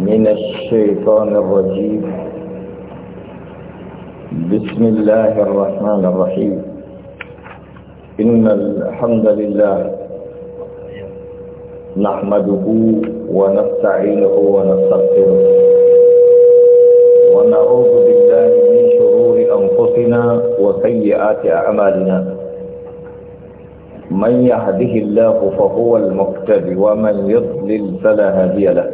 من الشيطان الرجيم بسم الله الرحمن الرحيم إن الحمد لله نحمده ونستعينه ونستغفره ونعوذ بالله من شرور أنفسنا وسيئات أعمالنا من يهده الله فهو المقتد ومن يضلل فلا هادي له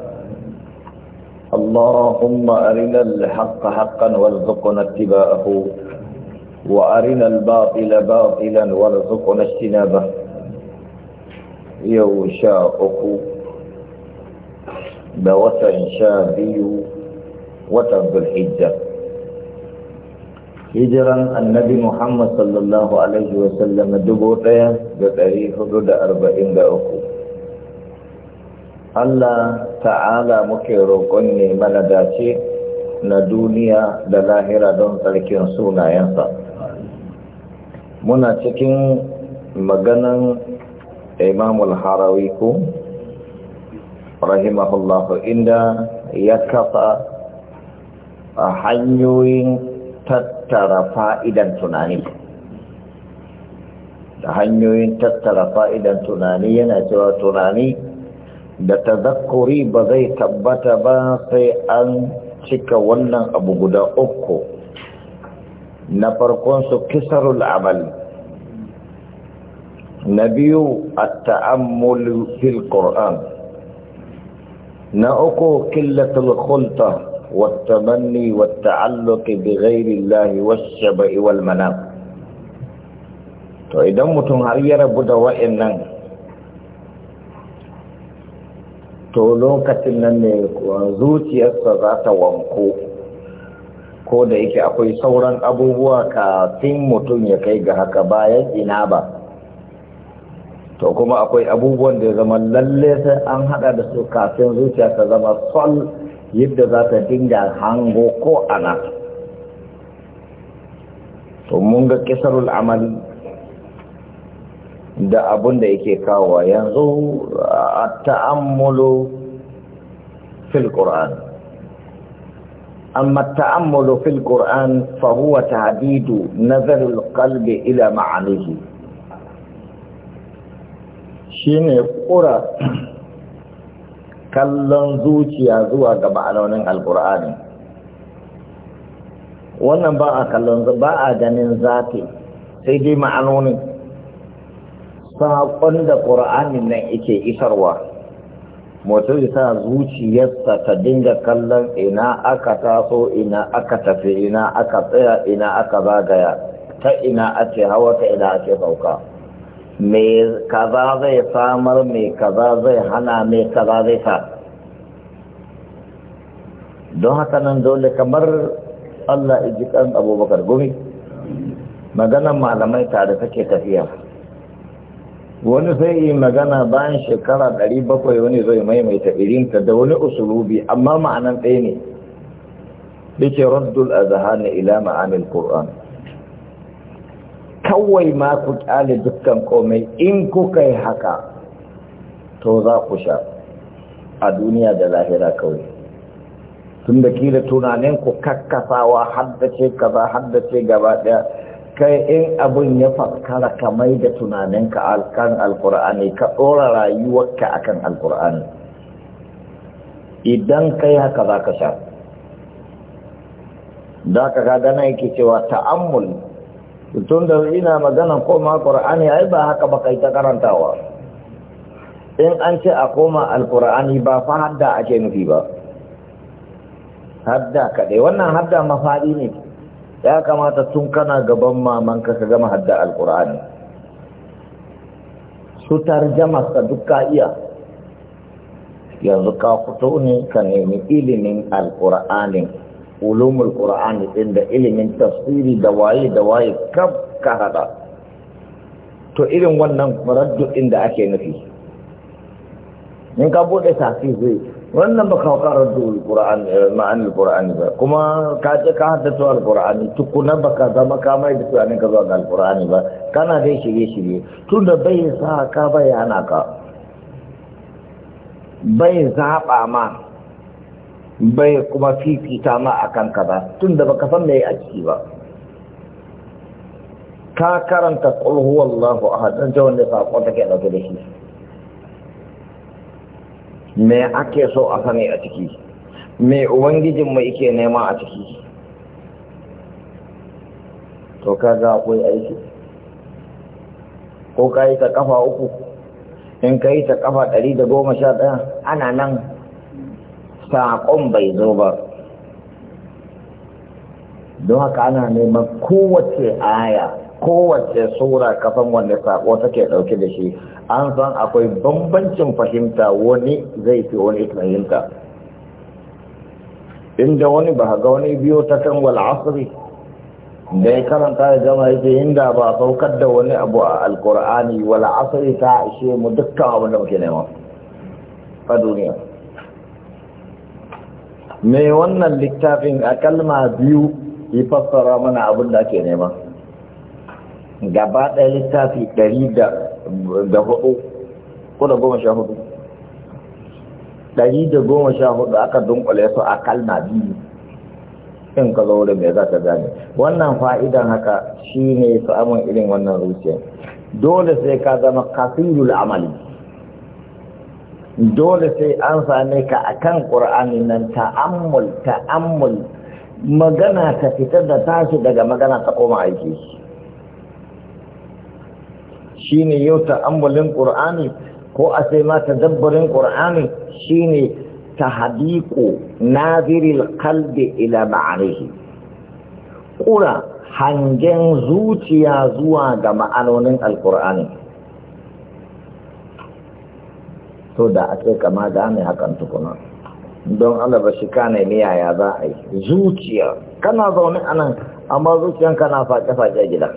اللهم أرنا الحق حقا وارزقنا اتباعه وأرنا الباطل باطلا وارزقنا اجتنابه يو شاءك بوسع شابي وترب الحجة هجرا النبي محمد صلى الله عليه وسلم دبوتيا بطريق دود أربعين بأكو Allah ta'ala muke roƙon ne mana dace na duniya da lahira don tsarkin sunayensa muna cikin maganan imamul harawi ko rahimahullahu inda ya kafa a hanyoyin tattara fa'idan tunani da hanyoyin tattara fa'idan tunani yana cewa tunani da tazakkuri ba zai tabbata ba sai an cika wannan abu guda uku na farkon su kisarul amal na biyu a ta'ammul fil qur'an na uku killatul khulta والتمني والتعلق بغير الله والشبع والمنام to idan mutum har ya rabu da wa'annan to lokacin nan ne zuciyarsa za ta wanko ko da yake akwai sauran abubuwa kafin mutum ya kai ga haka bayan ina ba to kuma akwai abubuwan da ya zama lalle sai an hada da su kafin zuciya ta zama sol yadda za ta dinga hango ko ana to mun ga kisarul amali da abun da yake kawo yanzu a ta'ammulu fil ƙur'an amma ta'ammulu fil ƙur'an fahuwa ta hadidu nazarin kalbe ila ma'anihi shi ne ƙura kallon zuciya zuwa ga ma'anonin alƙur'ani wannan ba a kallon ba a ganin zafi sai dai ma'anonin saƙon da ƙura'anin nan yake isarwa mutum sa zuciyarsa ta dinga kallon ina aka taso ina aka tafi ina aka tsaya ina aka zagaya ta ina ake hawa ta ina ake sauka mai kaza zai samar mai kaza zai hana mai kaza zai sa don haka nan dole kamar Allah ijikan abubakar gumi maganan malamai tare take tafiya wani zai yi magana bayan shekara ɗari bakwai wani zai maimaita irinta da wani usulubi amma ma'anan ɗaya ne yake raddul azhani ila ma'anin ƙoran" kawai ma ku kyale dukkan komai in kuka yi haka to za ku sha a duniya da lahira kawai tun da kila tunanin ku kakkasawa haddace kaza haddace gaba ɗaya kai in abin ya faskara ka mai da tunaninka kan alkur'ani ka ɗora rayuwarka akan alkur'ani idan kai haka za ka sha da ka ga gana yake cewa ta'ammul tun da ina magana koma ƙur'ani ai ba haka ba kai ta karantawa in an ce a koma alƙur'ani ba fa hadda ake nufi ba hadda kaɗai wannan hadda mafaɗi ne ya kamata tun kana gaban mamanka ka gama hadda alkur'ani su tarjama duk duka iya yanzu ka fito ne ka nemi ilimin alkur'ani ulumul qur'ani din da ilimin tafsiri da waye da waye kaf ka hada to irin wannan faraddu din da ake nufi in ka bude tafsiri zai wannan ba kawo karar da ma'anin ba kuma ka ce ka haddata alkur'ani tukuna ba ka zama ka mai da tunanin ka zuwa ga alkur'ani ba kana dai shirye-shirye tun da bai sa ka bayyana ka bai zaɓa ma bai kuma fifita ma a kan ka ba tun da baka san me a ciki ba ka karanta ƙulhuwallahu a hannun jawon da take ɗauke da shi me ake so a sani a ciki me ubangijin mu yake nema a ciki to ka ga akwai aiki ko ka yi ta kafa uku in ka yi ta kafa ɗari da goma sha ɗaya ana nan saƙon bai zo ba don haka ana neman kowace aya kowace sura kafan wanda sako take dauke da shi an san akwai bambancin fahimta wani zai fi wani fahimta inda wani ba ga wani biyo ta kan wal asri da ya karanta da jama yake inda ba saukar da wani abu a alkur'ani wal asri ta ishe mu dukkan abin da muke nema a duniya mai wannan littafin a kalma biyu yi fassara mana abin da ake nema gaba ɗaya littafi ɗari da hudu ko da goma sha hudu ɗari da goma sha hudu aka dunkule su a kalma biyu in ka zo wurin mai za ka gane wannan fa'idan haka shi ne samun irin wannan rukiyar dole sai ka zama kafirul amali dole sai an same ka a kan ƙur'ani nan ta'ammul ta'ammul magana ta fitar da tashi daga magana ta koma aiki shine yau ta'ammalin qur'ani ko a sai ma tadabbarin qur'ani shine tahdiqu naziril qalbi ila ma'arihi qura hangen zuciya zuwa ga ma'anonin alqur'ani to da a kama kama gane hakan tukuna don Allah ba shi kane ne yaya za a yi zuciya kana zaune anan amma zuciyanka na faƙe-faƙe gida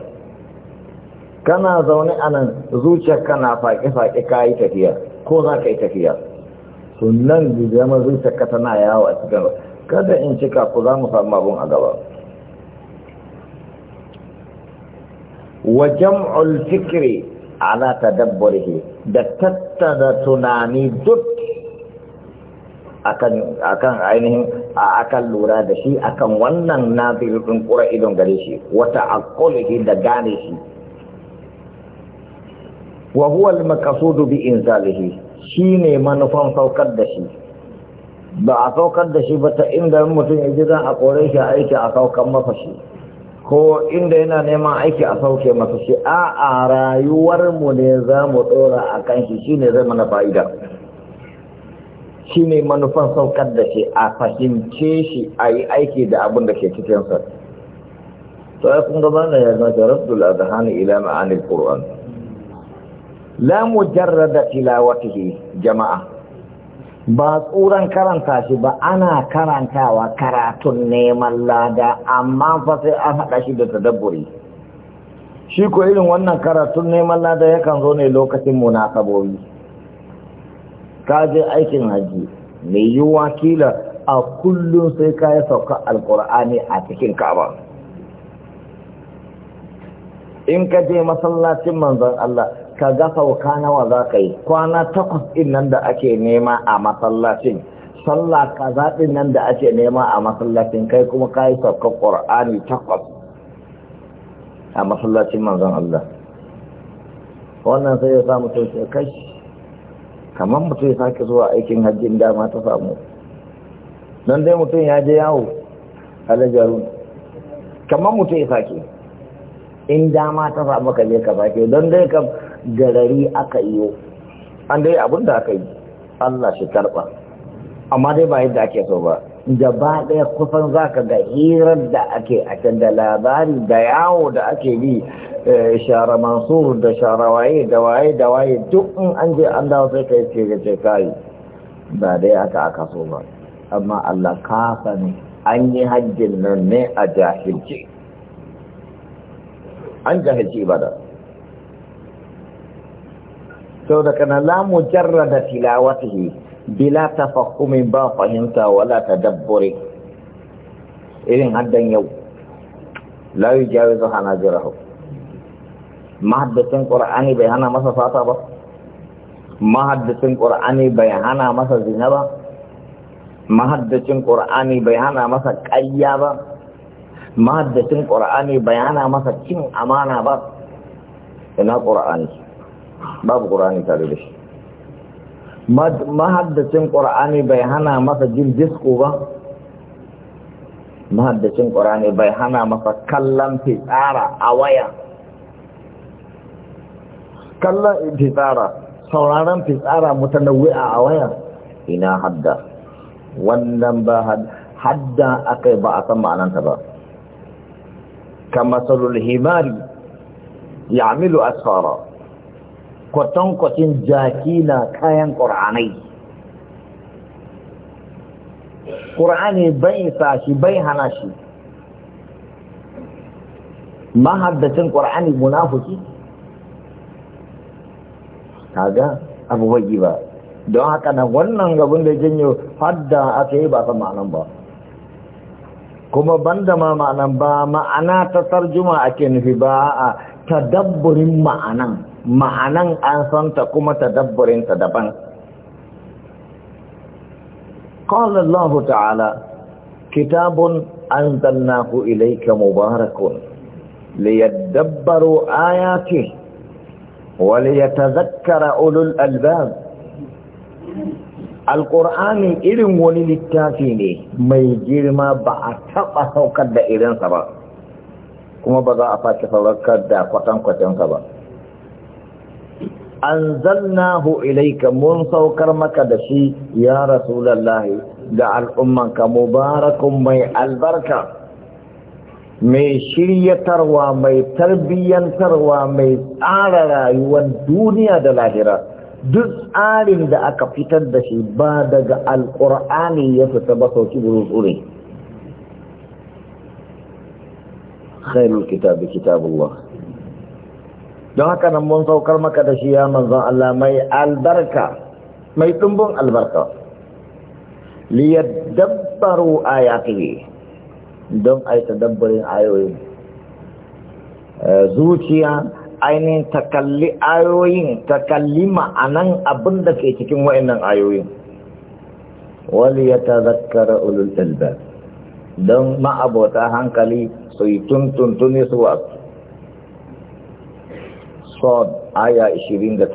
kana zaune a nan zuciyar kana faƙe-faƙe ka yi tafiya ko za ka yi tafiya sunan jijiyama zuciyar ka tana yawo a cikin kada in cika ku za mu samu abun a gaba wa jam'ul fikri ala tadabburihi da tattara tunani duk akan akan ainihin akan lura da shi akan wannan nazirin ƙura idon gare shi wata akulihi da gane shi wa huwa al-maqsudu bi inzalihi shine manufan saukar da shi ba a saukar da shi ba ta inda mutum ya ji za a kore shi aiki a saukar masa shi ko inda yana neman aiki a sauke masa shi a a mu ne za mu ɗora a kan shi shine ne zai mana fa'ida shi manufan saukar da shi a fahimce shi a yi aiki da abin da ke sa to ya kun gaba da ya da rasdul adhani ila ma'anil qur'an la mujarrada tilawatihi jama'a ba tsuran karanta shi ba ana karantawa karatun neman lada amma fa sai an haɗa shi da tadabburi shi ko irin wannan karatun neman lada yakan zo ne lokacin munasabobi ka je aikin haji mai yi wakila a kullum sai ka yi sauka alkur'ani a cikin kaba in ka je masallacin manzon Allah ka ga sauka nawa za ka yi kwana takwas ɗin nan da ake nema a masallacin sallah kaza ɗin nan da ake nema a masallacin kai kuma ka yi sauka ƙur'ani takwas a masallacin manzon Allah wannan sai ya sa mutum sai kai kamar mutum ya sake zuwa aikin hajjin dama ta samu don dai mutum ya je yawo alajarun kamar mutum ya sake in dama ta samu ka je ka sake don dai kamar garari aka yi yau an dai abin da aka yi Allah shi karɓa amma dai ba yadda ake so ba gaba daya kusan za ka ga hirar da ake a can da labari da yawo da ake bi eh, shara mansur da shara waye da waye da waye duk in an je an dawo sai ka yi ce ga kai ba dai aka aka so ba amma Allah kafa ne an yi hajjin nan ne a jahilci an jahilci ba da. da kana la mujarrada tilawatihi bila fahimta ba fahimta wala ta tadabburi irin haddan yau na jira hau mahaddacin ƙura'ani bai hana masa fata ba mahaddacin ƙura'ani bai hana masa zina ba mahaddacin ƙura'ani bai hana masa ƙayya ba mahaddacin ƙura'ani bai hana masa cin amana ba ina ƙura'ani babu qur'ani tare da shi mahaddacin qur'ani bai hana masa jin disko ba mahaddacin qur'ani bai hana masa kallon fitsara a waya kallon fitsara sauraron fitsara mutanawwi'a a waya ina hadda wannan ba hadda akai ba a san ma'ananta ba kama salul himari ya amilu asfara kwatankwacin jaki na kayan ƙur'anai ƙur'ani bai isa shi bai hana shi mahaddacin ƙur'ani munafuki kaga abu ba don haka na wannan gabin da janyo hadda aka yi ba ta ma'anan ba kuma banda ma ma'anan ba ma'ana ta tarjuma ake nufi ba a tadabburin ma'anan ma'anan an san ta kuma ta tadabburinta daban قال ta'ala تعالى كتاب أنزلناه إليك مبارك ya آياته وليتذكر ulul albab. alƙur'ani irin wani littafi ne mai girma ba a taɓa saukar da irinsa ba kuma ba za a fashe saukar da kwatankwacinsa ba hu ilaika mun saukar maka da shi ya rasulullahi da al'ummanka mubarakun mai albarka mai shiryatarwa mai tarbiyyantarwa mai tsara rayuwar duniya da lahira duk tsarin da aka fitar da shi ba daga alƙur'ani ya fita ba sauki burutsu ne khairul kitabullah don haka nan mun saukar maka da shi ya manzon Allah mai albarka mai dumbin albarka yadabbaru ayatihi don ai tadabburin ayoyin eh, zuciya ainihin takalli ayoyin takalli ma'anan abin da ke cikin wa'annan ayoyin wal ya tazakkara ulul albab don ma'abota hankali su yi tuntuntuni su wasu sad aya 29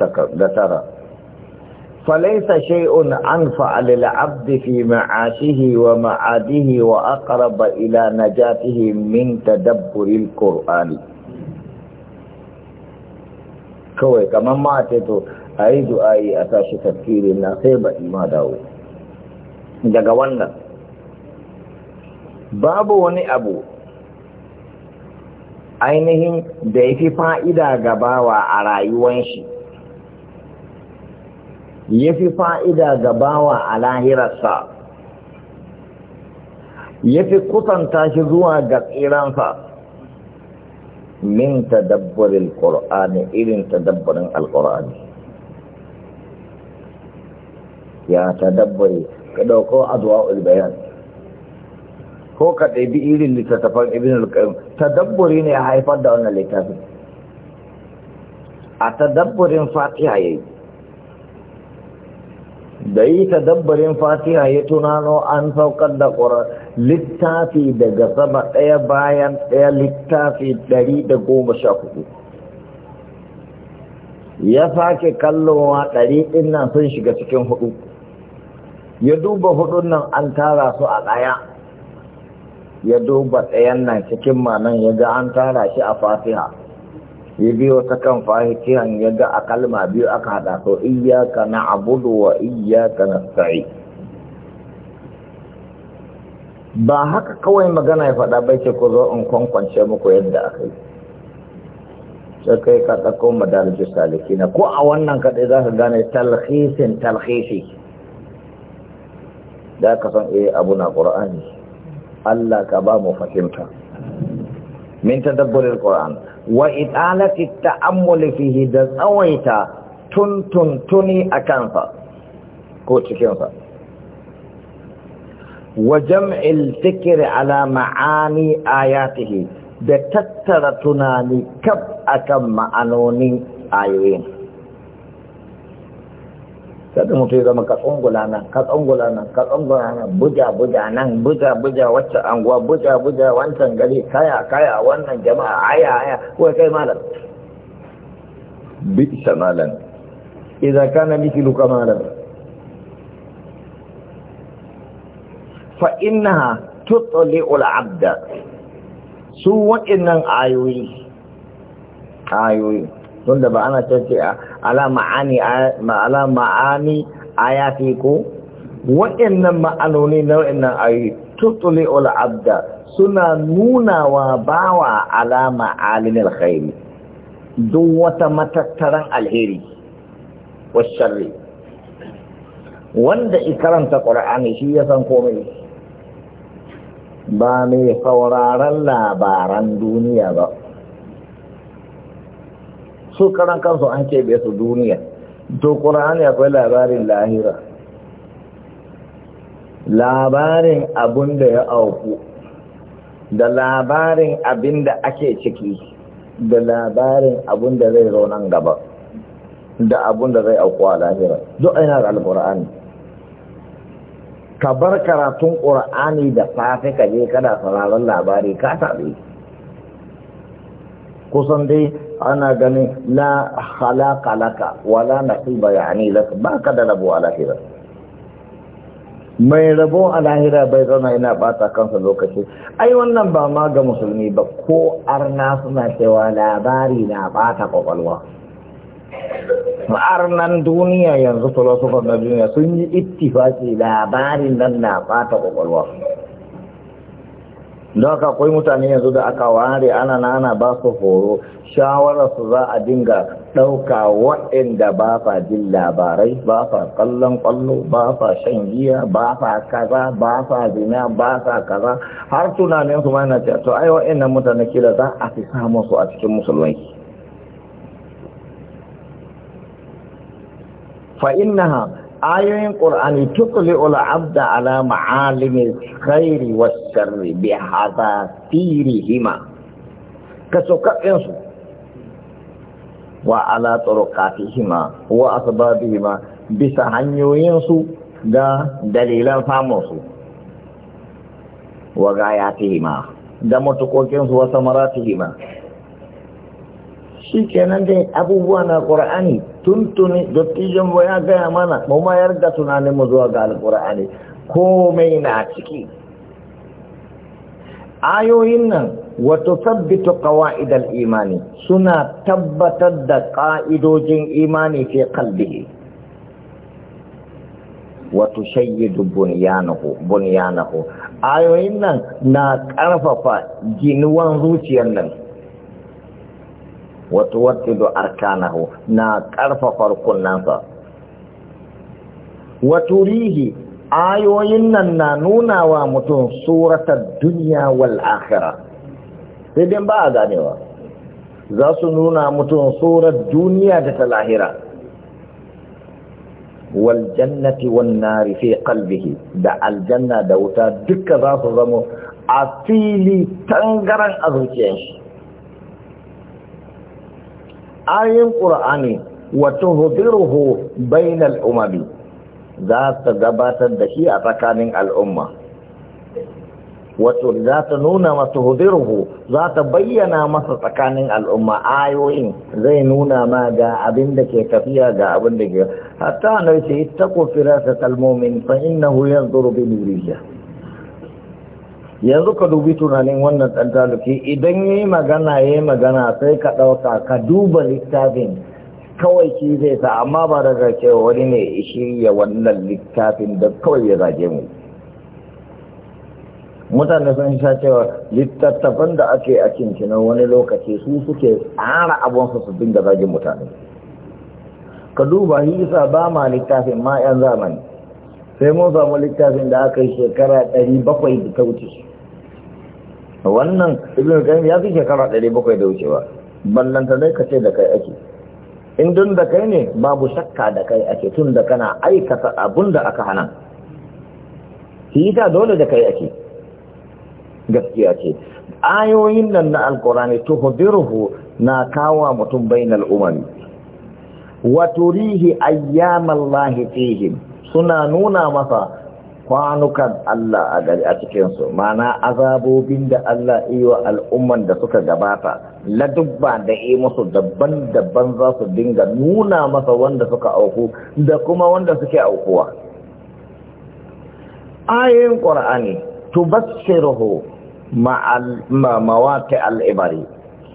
falaisa shay'un anfa lil 'abdi fi ma'ashihi wa ma'adihi wa aqrab ila najatihi min tadabburi al-qur'ani kawai kamar ma ce to ayi du'a'i a tashi tafsirin na sai ba ima dawo daga wannan babu wani abu ainihin da ya fi fa'ida gabawa a rayuwan shi ya fi fa'ida gabawa a lahirarsa ya fi kusanta shi zuwa ga tsiransa min tadabbarin ƙor'ani irin tadabbarin alƙor'ani ya tadabbari ka ɗauko zuwa ulbayan ko ka ɗabi irin littattafan ibn al-qayyim tadabburi ne ya haifar da wannan littafin a tadabburin fatiha yayi da yi tadabbarin fatiha ya tunano an saukar da ƙwarar littafi daga sama ɗaya bayan ɗaya littafi ɗari da goma sha hudu ya sake kallowa ɗari ɗin nan sun shiga cikin hudu ya duba hudun nan an tara su a ɗaya ya duba ɗayan nan cikin manan ya ga an tara shi a fatiha ya biyo ta kan fahitiyan ya ga a kalma biyu aka hada to iyaka na abudu wa iyaka na sa'i ba haka kawai magana ya faɗa bai ce ku zo in kwankwance muku yadda aka yi sai kai ka ɗauko saliki salikina ko a wannan kaɗai za ka gane talhisin talhisi da ka san iya eh, abu na ƙura'ani. Allah ka ba mu fahimta min tadabburil qur'an wa italati ta'ammul fihi da tsawaita tuntuntuni a kansa ko cikinsa wa jam'il fikri ala ma'ani ayatihi da tattara tunani kaf akan ma'anonin ayoyin kada mutu ya zama ka tsungula nan ka tsungula nan ka tsungula nan buja buja nan buja buja wacce anguwa buja buja wancan gari kaya kaya wannan jama'a aya aya wai kai malam bi isa malam idan kana mithlu kamalan fa innaha tutli'u al-'abda su wa'innan ayoyi ayoyi tunda ba ana ce ah, a alama ani alama ayati ko wa'annan ma'anoni na wa'annan ayi tutuli ul abda suna nuna wa bawa alama alinil khairi duk wata matattaran alheri wa sharri wanda ikaranta qur'ani shi ya san komai ba mai sauraron labaran duniya ba su karan kansu an keɓe su duniya to ƙura'ani akwai labarin lahira labarin abin da ya auku da labarin abin da ake ciki da labarin abin da zai nan gaba da abin da zai auku a lahira duk aina da alƙura'ani ka bar karatun ƙura'ani da safe ka je kada sauraron labari ka taɓe kusan dai ana ganin la halaka laka wala nasiba yani laka ba ka da rabo a lahira mai rabo a lahira bai zauna ina bata kansa lokaci ai wannan ba ma ga musulmi ba ko arna suna cewa labari na bata kwakwalwa arnan duniya yanzu filosofa na duniya sun yi ittifaki labarin nan na bata kwakwalwa don haka akwai mutane yanzu da aka ware ana na ana ba su horo shawararsu za a dinga ɗauka waɗanda ba sa jin labarai ba sa kallon kwallo ba sa shan giya ba sa kaza ba sa zina ba sa kaza har tunanin su mana cewa to ai waɗannan mutane kila za a fi samun su a cikin musulmai fa innaha ayoyin ƙur'ani tukuli ula abda ala ma'alimin khairi wa sharri bi hada firihima ka sokaɗin su wa ala hima wa hima, bisa hanyoyinsu da dalilan su, wa hima? da matukokinsu wa hima. shi dai abubuwa na ƙura'ani tuntuni dattijan mu ya gaya mana mu mayar da tunanin mu zuwa ga alƙura'ani komai na ciki ayoyin nan wato sabbitu qawa'idal imani suna tabbatar da ƙa'idojin imani fi qalbihi wato shayyidu bunyanahu bunyanahu ayoyin nan na ƙarfafa ginuwan zuciyar nan wata wata arkanahu na ƙarfafa rukunansa waturihi ayoyin nan na nuna wa mutum suratar duniya wal akhira sai dai ba a ganewa za su nuna mutum surar duniya da ta lahira wal jannati wan nari fi qalbihi da aljanna da wuta duka za su zama a fili tangaran a ayin ƙur'ani wata hudiruhu bainal umami za ta gabatar da shi a tsakanin al'umma wato za ta nuna masa hudiruhu za ta bayyana masa tsakanin al'umma ayoyin zai nuna ma ga abin da ke tafiya ga abin da ke hatta na ce ta kofira ta kalmomin fa innahu yanzuru bi nuriyya yanzu ka dubi tunanin wannan ɗan taluki idan yayi yi magana ya yi magana sai ka ɗauka ka duba littafin kawai shi zai sa amma ba daga cewa wani ne shirya wannan littafin da kawai ya zage mu mutane sun sha cewa littattafan da ake a cincina wani lokaci su suke tsara abun su dinga zage mutane ka duba hisa ba ma littafin ma 'yan zamani sai mun samu littafin da aka yi shekara ɗari bakwai da ta wuce wannan ibn qayyim ya fi shekara 700 da wucewa ballanta dai kace da kai ake in dun da kai ne babu shakka da kai ake tun da kana aikata abun da aka hana shi ta dole da kai ake gaskiya ce ayoyin nan na alkurani tuhdiruhu na kawa mutum bainal umami wa turihi ayyamallahi fihim suna nuna masa kwanukan Allah a gari a cikinsu mana azabobin da Allah iya al'umman da suka gabata ladubba da yi musu daban-daban za su dinga nuna masa wanda suka auku da kuma wanda suke aukuwa ayoyin ƙwar'ani tubassiruhu ma'awaki al'ibari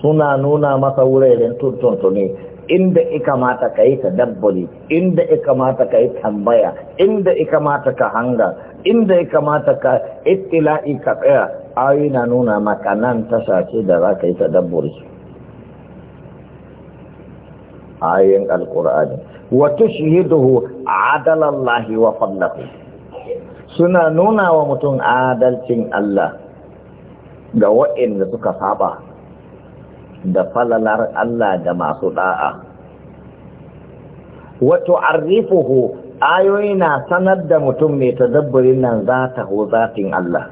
suna nuna masa wuraren tuntuntuni inda mata ka yi dabbali inda ikamata ka yi tambaya inda mata ka hanga inda mata ka itila'i ka tsaya ayoyi na nuna maka nan tasha ce da za ka yi tadabburi ayoyin alkur'ani wa tushhiduhu adalallahi wa fallafi suna nuna wa mutum adalcin Allah ga waɗanda suka saba da falalar Allah ga masu da'a wato arrifuhu ayoyi na sanar da mutum mai tadabburin nan za ta ho zatin Allah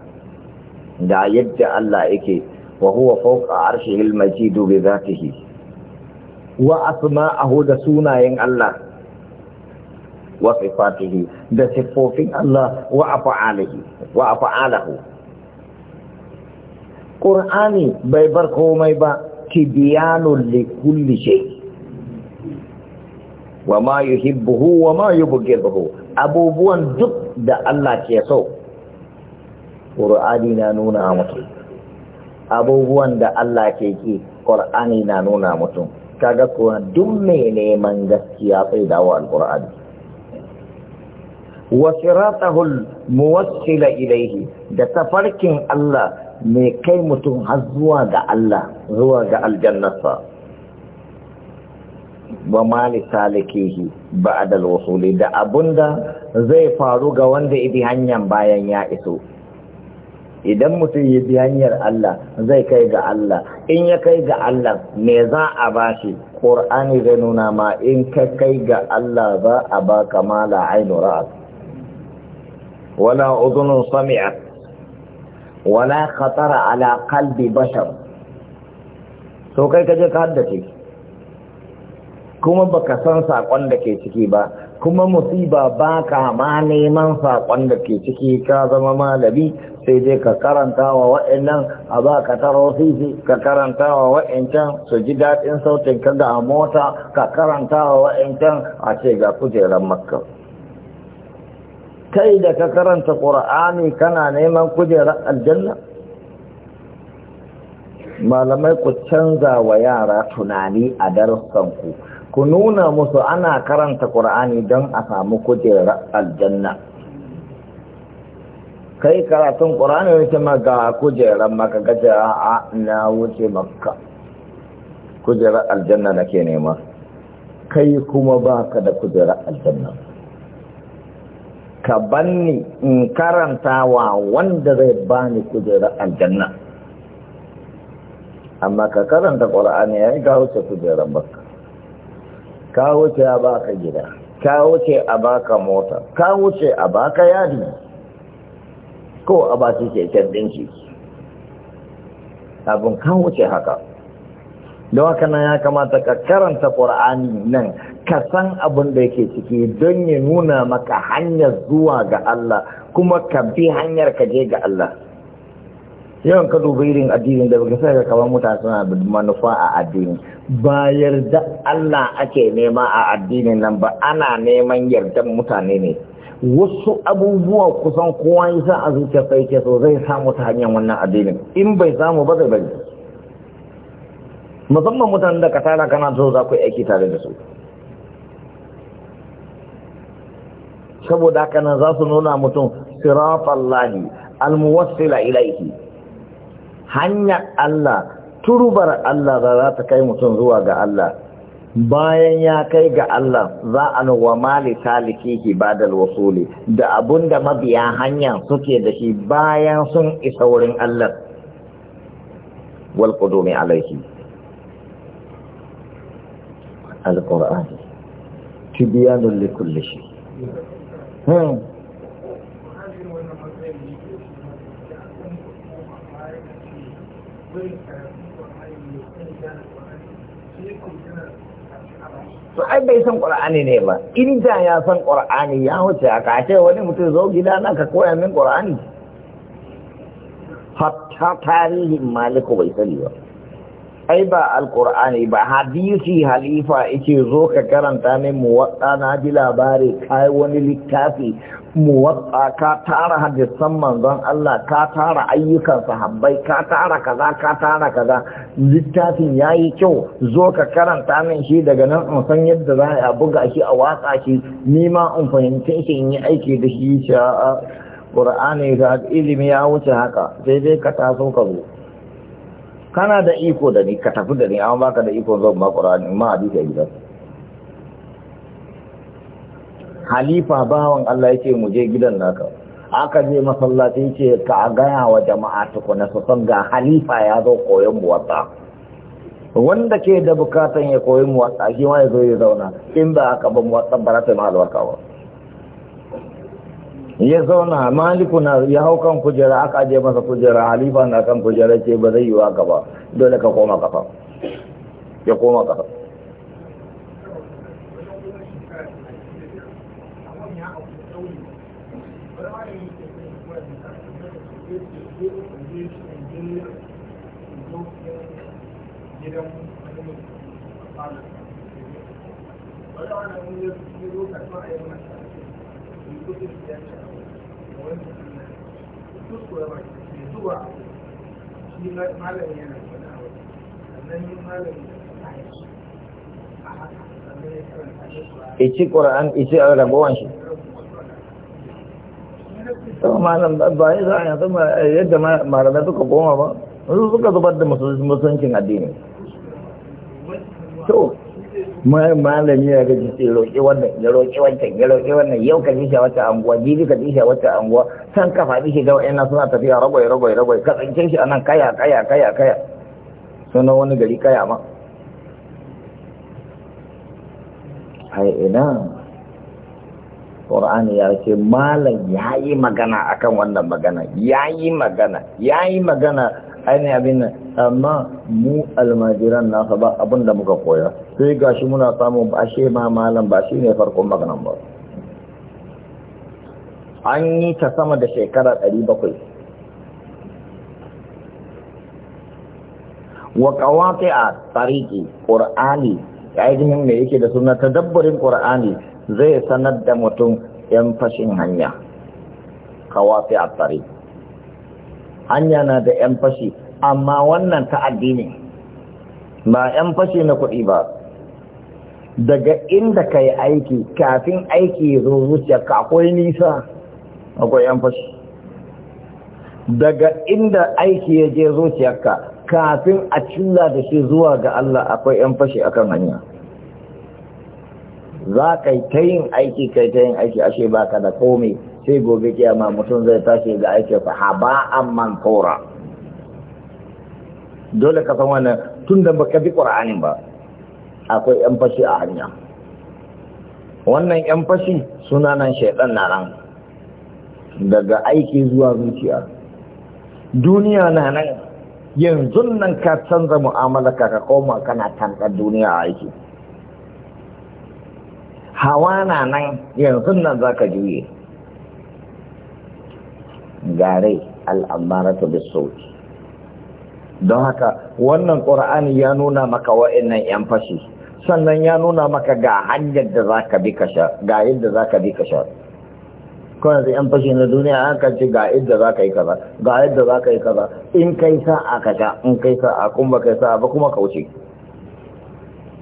da yadda Allah yake wa huwa fawqa arshihil majid bi zatihi wa asma'ahu da sunayen Allah wa sifatihi da sifofin Allah wa af'alihi wa af'alahu Qur'ani bai bar komai ba tibyanun li kulli shay wa ma yuhibbuhu wa ma abubuwan duk da Allah ke so Qur'ani na nuna mutum abubuwan da Allah ke ki Qur'ani na nuna mutum kaga duk mai neman gaskiya sai dawo al-Qur'ani wa siratahul muwassila ilayhi da tafarkin Allah mai kai mutum har zuwa ga Allah zuwa ga aljannarsa wa mali salikihi ba'da al da abunda zai faru ga wanda ibi hanyar bayan ya iso idan mutum ya bi hanyar Allah zai kai ga Allah in ya kai ga Allah me za a bashi ƙor'ani zai nuna ma in ka kai ga Allah za a ba mala ainu ra'at wala uzunun sami'at wala khatara ala qalbi bashar so kai kaje ka haddace kuma baka san sakon da ke ciki ba kuma musiba ba ka ma neman sakon da ke ciki ka zama malami sai dai ka karanta wa wa'annan a ba ka taro sisi ka karanta wa wa'ancan su ji daɗin sautin ka ga a mota ka karanta wa wa'ancan a ce ga kujerar makka kai da ka karanta ƙura'ani kana neman kujerar aljanna malamai ku canza wa yara tunani a darussanku ku nuna musu ana karanta ƙura'ani don a samu kujerar aljanna kai karatun ƙura'ani wuce maka kujerar maka gaje a na wuce maka kujerar aljanna ke nema kai kuma baka da kujerar aljanna ka banni in karanta wa wanda zai bani kujerar aljanna amma ka karanta ƙwar'ani ya yi kawo ce kujerar baka kawo ce a baka gida kawo ce a baka mota kawo ce a baka yadi ko a baki keken ɗinki abin kawo ce haka don haka nan ya kamata ka karanta ƙur'ani nan ka san abin da yake ciki don ya nuna maka hanyar zuwa ga Allah kuma ka bi hanyar ka je ga Allah yawan ka duba irin addinin da baka sai ka kaman mutane suna da manufa a addini ba yarda Allah ake nema a addinin nan ba ana neman yardan mutane ne wasu abubuwa kusan kowa yasa a sai ke so zai samu ta hanyar wannan addinin in bai samu ba zai bari musamman mutanen da kasala kana so za ku aiki tare da su saboda haka nan za su nuna mutum lahi, almuwassila ilaihi hanya Allah turbar Allah za ta kai mutum zuwa ga Allah bayan ya kai ga Allah za a nuwa mali talikihi badal wasuli da abun da mabiya hanya suke da shi bayan sun isa wurin Allah wal qudumi alaihi alƙur'ani tibiyanun likulli shi su ai bai san ƙura'ani ne ba inda ya san ƙura'ani ya wuce a kace wani mutum zo gida na ka koya min ƙura'ani hatta tarihin maliku bai sani ba ai ba alkur'ani ba hadisi halifa yake zo ka karanta ne muwatta na ji labari kai wani littafi muwatta ka tara hadisan manzon Allah ka tara ayyukan sahabbai ka tara kaza ka tara kaza littafin yayi kyau zo ka karanta min shi daga nan in san yadda za a buga shi a watsa shi ni ma in fahimta shi in yi aiki da shi sha'a qur'ani ga ilimi ya wuce haka sai dai ka taso ka zo kana da iko da ni ka tafi da ni amma baka da iko zan ba qur'ani ma hadisi a gidan halifa bawan Allah yake mu je gidan naka aka je masallaci yake ka gaya wa jama'a tukuna na san ga halifa ya zo koyon wata wanda ke da bukatan ya koyi wata shi ma ya zo ya zauna in ba aka ba mu wata barata ma albarka ba ya zauna maliku na ya hau kan kujera aka je masa kujera halifa na kan kujera ce ba zai yi wa gaba dole ka koma kafa ya koma kafa Thank ici ƙura'an ici a ragowar shi sau malam ba yi za a yanzu yadda malamai suka koma ba su suka zubar da musulcin addini to malami ya gaji sai roƙi wannan ya roƙi wancan ya roƙi wannan yau ka ji shi wata anguwa jibi ka ji shi wata anguwa san ka faɗi shi ga wa'annan suna tafiya ragwai ragwai ragwai ka tsince shi anan kaya kaya kaya kaya sunan wani gari kaya ma ai ina Qur'ani ya ce malam ya yi magana akan wannan magana ya yi magana ya yi magana ainihin abin nan amma mu almajiran nasa ba abin da muka koya sai gashi muna samun ba shi ma malam ba shi ne farkon maganan ba an yi ta sama da shekara ɗari bakwai wa ƙawaƙi a tsariki ƙur'ani ainihin mai yake da suna ta dabbarin ƙur'ani zai sanar da mutum 'yan fashin hanya ƙawaƙi a tsariki hanya na da 'yan fashi amma wannan ta'addi ne ba 'yan fashi na kuɗi ba daga inda ka yi aiki kafin aiki zo zuciya ka akwai nisa akwai 'yan fashi daga inda aiki ya je zuciyarka kafin a cilla da shi zuwa ga Allah akwai 'yan fashi akan hanya za ka yi ta yin aiki kai ta yin aiki ashe ba ka da komai sai gobe kiyama mutum zai tashi ga aikin Ha haba an kora. dole ka san wannan tun da baka bi qur'anin ba akwai yan fashi a hanya wannan yan fashi suna nan shaidan na nan daga aiki zuwa zuciya duniya na nan yanzu nan ka canza mu'amala ka ka koma kana tantar duniya a aiki hawa na nan yanzu nan za ka juye gare al'ammaratu da sauki don haka wannan ƙura'ani ya nuna maka wa'innan 'yan fashi sannan ya nuna maka ga hanyar da za ka bi ka sha ga yadda za ka bi ka sha kawai zai yan fashi na duniya an kan ci ga yadda za ka yi kaza ga yadda za ka yi kaza in kai sa'a ka sha in kai sa'a kuma kai sa'a ba kuma kauce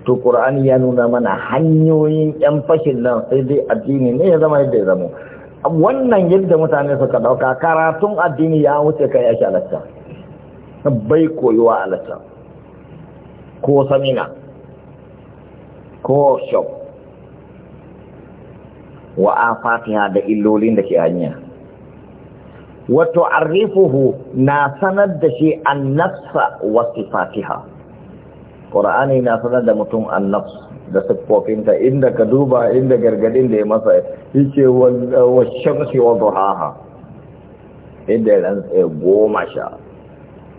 to qur'ani ya nuna mana hanyoyin yan fashin nan sai dai addini ne ya zama yadda ya zama wannan yadda mutane suka ɗauka karatun addini ya wuce kai yake alatta bai koyuwa alatta ko samina ko shop wa afatiha da illolin da ke hanya wato arrifuhu na sanar da shi an nafsa wasu Fatiha. ƙura'ani na sanar da mutum annab da siffofinta inda ka duba inda gargadin da ya masa yake wa shamsi wa duhaha inda ran goma sha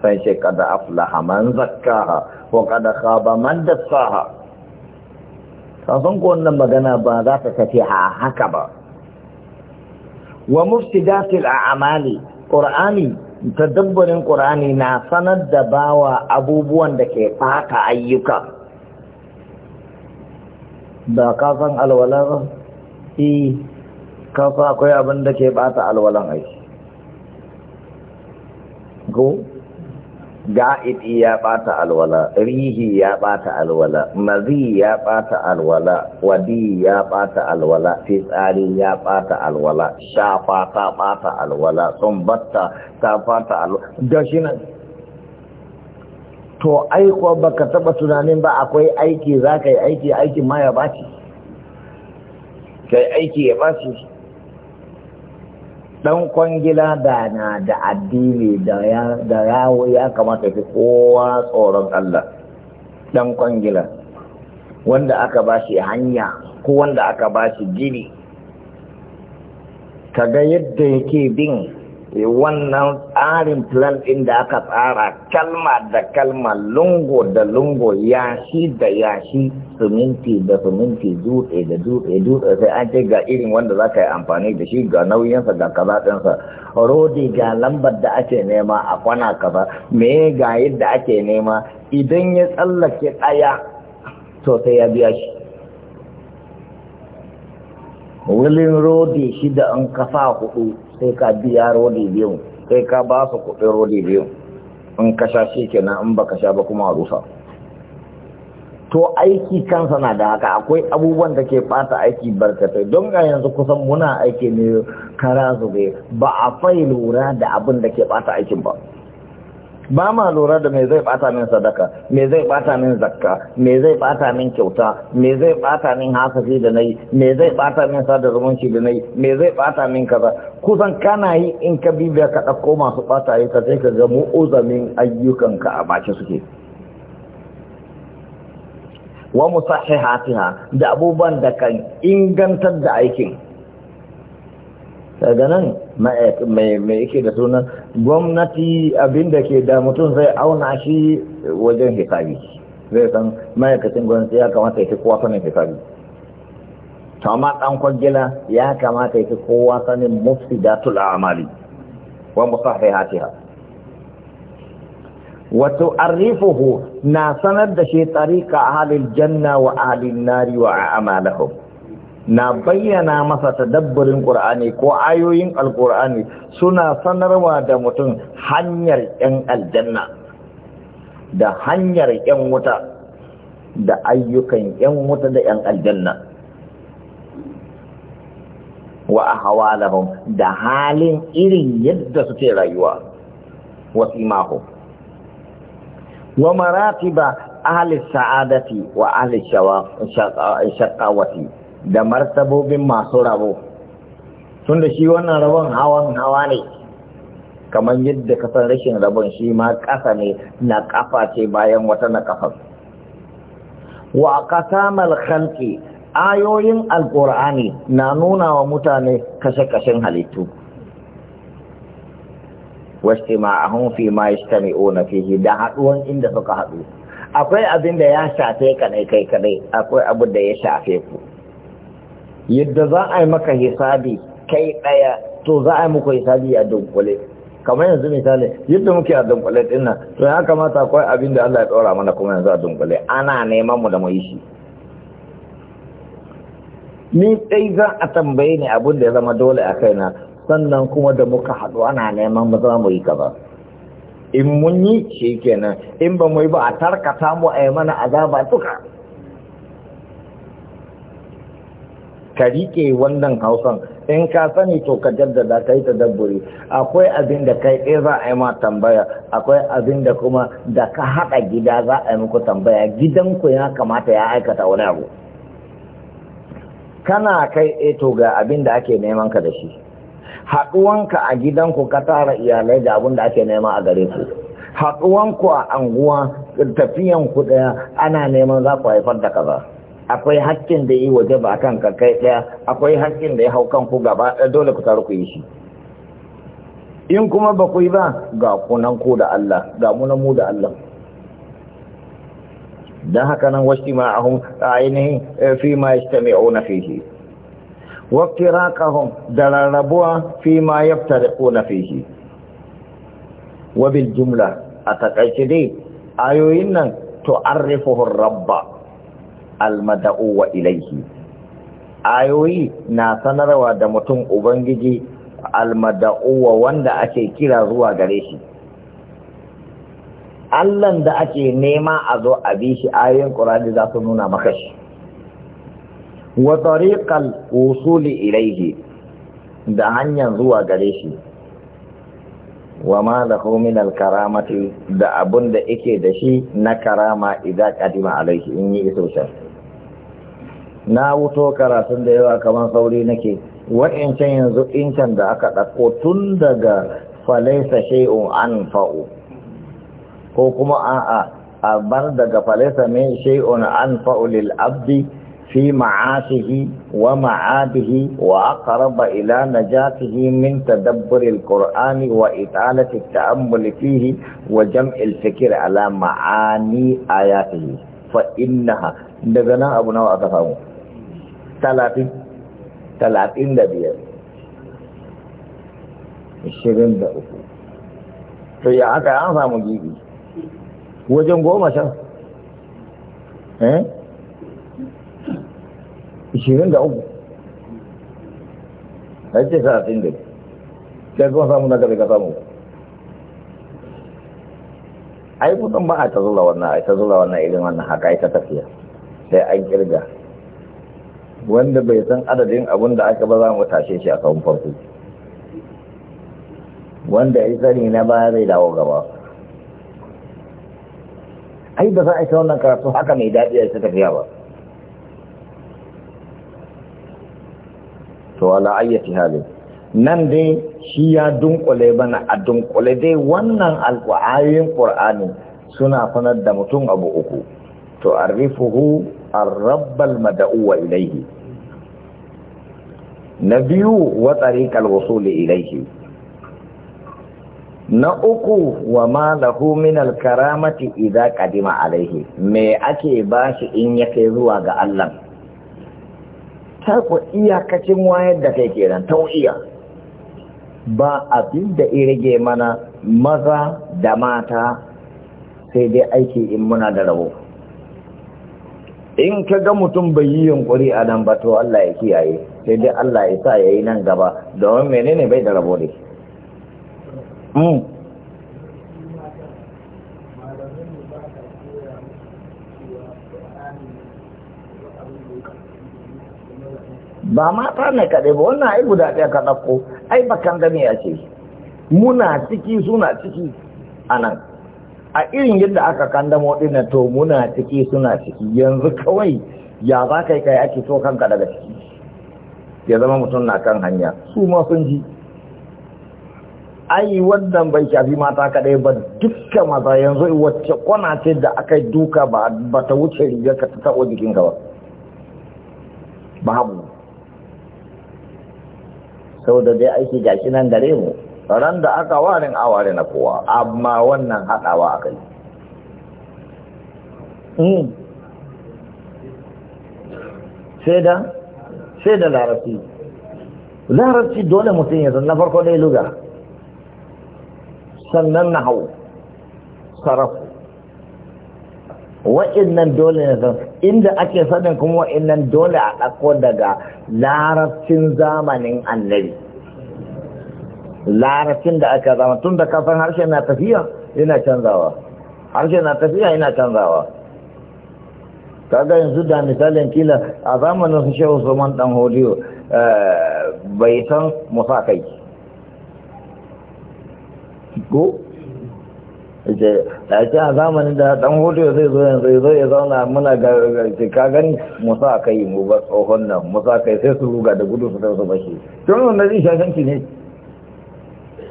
san shi kada aflaha man zakkaha wa kada khaba man dassaha kasan ko wannan magana ba za ta tafi a haka ba wa mufsidatil a'mali qur'ani tadabbarin ƙur'ani na sanar da bawa abubuwan da ke fata ayyuka da kasan alwalar i e, kasa akwai abin da ke bata alwalan aiki go ga'id ya bata alwala rihi ya bata alwala mazi ya bata alwala wadi ya bata alwala fitsari ya bata alwala shafa ta bata alwala Sumbata ta bata alwala gashi nan to aiko baka taba tunanin ba akwai aiki za ka yi aiki aikin ma ya baci kai aiki ya baci dan kwangila da na da addini da yawo ya kamata fi kowa tsoron Allah dan kwangila wanda aka ba shi hanya ko wanda aka ba shi gini ka ga yadda yake bin Eh, wannan tsarin plan ɗin da aka tsara kalma da kalma lungo da lungo yashi da yashi suminti da suminti dutse da dutse dutse sai an ce ga irin wanda za ka yi amfani da shi ga nauyinsa ga kaza ɗinsa rodi ga lambar da ake nema a kwana kaza me ga yadda ake nema idan ya tsallake ɗaya to sai ya biya shi wilin rodi shida an kafa hudu sai ka biya rodi biyu sai ka ba su kuɗin rodi biyu in ka sha shi na, in baka sha ba kuma rufa to aiki kansa na da haka akwai abubuwan da ke ɓata aiki barkatai don ga yanzu kusan muna aiki ne kara zube ba a fai lura da abin da ke bata aikin ba ba ma lura da me zai bata min sadaka me zai bata min zakka me zai bata min kyauta me zai bata min hasafi da nayi me zai bata min sada zumunci da nayi me zai bata min kaza kusan kana yi in ka bibiya ka dauko masu bata yi ka sai ka ga mu'uzamin ayyukan ka a bace suke wa musahihatiha da abubuwan da kan ingantar da aikin daga nan mai yake da sunan gwamnati abinda ke da mutum zai auna shi wajen hisabi zai san ma'aikacin gwamnati ya kamata ya fi kowa sanin hisabi to amma dan kwangila ya kamata ya fi kowa sanin mufsidatul a'mali wa musahihatiha wato arrifuhu na sanar da shi tariqa halin janna wa ahlin nari wa a'malahum na bayyana masa tadabburin ƙur'ani ko ayoyin alƙur'ani suna sanarwa da mutum hanyar 'yan aljanna da hanyar 'yan wuta da ayyukan 'yan wuta da 'yan aljanna wa a hawa da halin irin yadda suke rayuwa wasu imahu wa maratiba ahli sa'adati wa ahli da martabobin masu rabo tun da shi wannan rabon hawan hawa ne kamar yadda kasan rashin rabon shi ma kasa ne na ƙafa ce bayan wata na ƙafa wa qasamal khalqi ayoyin alƙur'ani na nuna wa mutane kashe-kashen halittu Wasu wastima'ahum fi ma na fihi da haɗuwan inda suka haɗu. akwai abin da ya shafe ka kai kaɗai akwai abin da ya shafe ku yadda za a yi maka hisabi kai ɗaya to za a yi muku hisabi a dunkule kamar yanzu misali yadda muke a dunkule ɗin nan to ya kamata akwai abin Allah ya ɗora mana kuma yanzu a dunkule ana neman mu da mu yi shi ni dai za a tambaye ni abin da ya zama dole a kaina sannan kuma da muka haɗu ana neman mu za mu yi kaza in mun yi shi kenan in ba mu yi ba a tarkata mu a yi mana azaba duka ka rike wannan hausan in ka sani to ka jaddada ka yi ta tadabburi akwai abin da kai ɗaya za a yi ma tambaya akwai abin da kuma da ka haɗa gida za a yi muku tambaya gidanku ya kamata ya aikata wani abu kana kai eto eh ga abin da ake neman ka da shi haɗuwanka a gidanku ka tara iyalai da abin da ake nema a gare su, haɗuwanku a anguwa tafiyanku ɗaya ana neman za ku haifar da kaza. akwai haƙƙin da yi waje ba a kan kai ɗaya akwai haƙƙin da ya hau kanku gaba ɗaya dole ku taru ku yi shi in kuma ba ku yi ba ga kunan ku da Allah ga munan mu da Allah dan haka nan wasu ahum ainihin eh, fi ma ya fihi wa qiraqahum da fi ma ya fitare ona fihi wabil jumla a takaice dai ayoyin nan to an rabba almada'u wa ilaihi ayoyi na sanarwa da mutum ubangiji almada'u wa wanda ake kira zuwa gare shi Allahn da ake nema a zo a bi shi ayoyin Qur'ani za su nuna maka shi wa tariqal usuli ilaihi da hanyar zuwa gare shi wa ma lahu min karamati da abun da yake da shi na karama idan kadima alaihi in yi iso can na wuto karatun da yawa kamar sauri nake can yanzu incan da aka ɗauko tun daga falaisa shay'un an fa'u ko kuma a'a a bar daga falaisa min shay'un an fa'u lil abdi في معاشه ومعاده وأقرب إلى نجاته من تدبر القرآن وإطالة التأمل فيه وجمع الفكر على معاني آياته فإنها دغنا أبو نوع أتفهم ثلاثين ثلاثين دبير الشرين دأفو فيا أكا أنفع مجيبي وجم قوم شخص eh ishirin da uku a ce talatin da ke kuma samu na gari ka samu ai kusan ba a ta zula wannan ai ta zula wannan irin wannan haka ai ta tafiya sai an kirga wanda bai san adadin abin da aka ba za mu tashe shi a kawun farko wanda ya sani na baya zai dawo gaba ai ba za a ta wannan karatu haka mai daɗi a ita tafiya ba to ala ayyati hali, nan dai shi ya dunkule bana a dunkule dai wannan alƙwa'ayoyin ƙur'ani suna fanar da mutum abu uku to arrifuhu arrabbal mada'uwa ilaihi na biyu wa tariqal wusul ilaihi na uku wa ma lahu min karamati idza qadima alaihi me ake bashi in yake zuwa ga Allah ta ku iyakacin wayar da kai kenan tau'iya ba abin da irage mana maza da mata sai dai aiki in muna da rabo in ka ga mutum bai yi yunkuri a nan ba to Allah ya kiyaye sai dai Allah ya sa ya yi nan gaba domin menene bai da rabo ne hmm. ba mata ne kaɗai ba wannan ai guda ɗaya ka ɗauko ai bakan da ya ce muna ciki suna ciki a nan a irin yadda aka kandamo ɗin to muna ciki suna ciki yanzu kawai ya za ka yi kai ake so kanka daga ciki ya zama mutum na kan hanya su ma sun ji ai wannan bai shafi mata kaɗai ba dukkan maza yanzu wacce kwana ce da aka duka ba ta wuce rigar ka ta taɓo jikin ba babu saboda dai aiki gashi nan gare mu ran da aka warin aware na kowa amma wannan haɗawa a kai. Hmm. sai da sai da larabci larabci dole mutum ya san na farko dai luga sannan na hau sarrafa wa'innan dole ne zan inda ake sanin kuma wa'innan dole a ɗako daga larabcin zamanin annabi larabcin da aka zama tun da kafin harshe na tafiya yana canzawa harshe na tafiya yana canzawa kaga yanzu da misalin kila a zamanin su shehu suman dan hodiyo eh, bai san musakai kai. ce da ce a zamanin da dan hoto zai zo yanzu zo ya zauna muna ga ka gani musa kai mu ba tsohon nan musa kai sai su ruga da gudu su sai su bashi tun nan da zai shashanci ne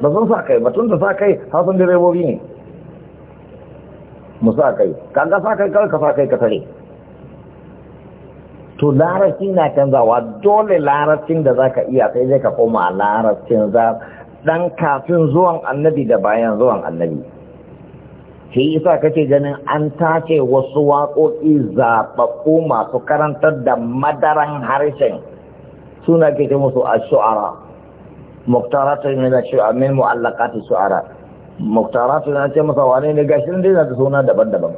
ba sun sa kai ba tun da sa kai hasan direbobi ne musa kai ga sa kai kar ka sa kai ka tare to larabci na canzawa dole larabcin da zaka iya sai dai ka koma larabcin za dan kafin zuwan annabi da bayan zuwan annabi shi isa kake ganin an tace wasu waƙoƙi zaɓaɓɓu masu karantar da madaran harshen suna ke ce musu a shu'ara muktaratun min shu'ara min mu'allaqati shu'ara muktaratun na ce masa wane ne gashin dai na da suna daban-daban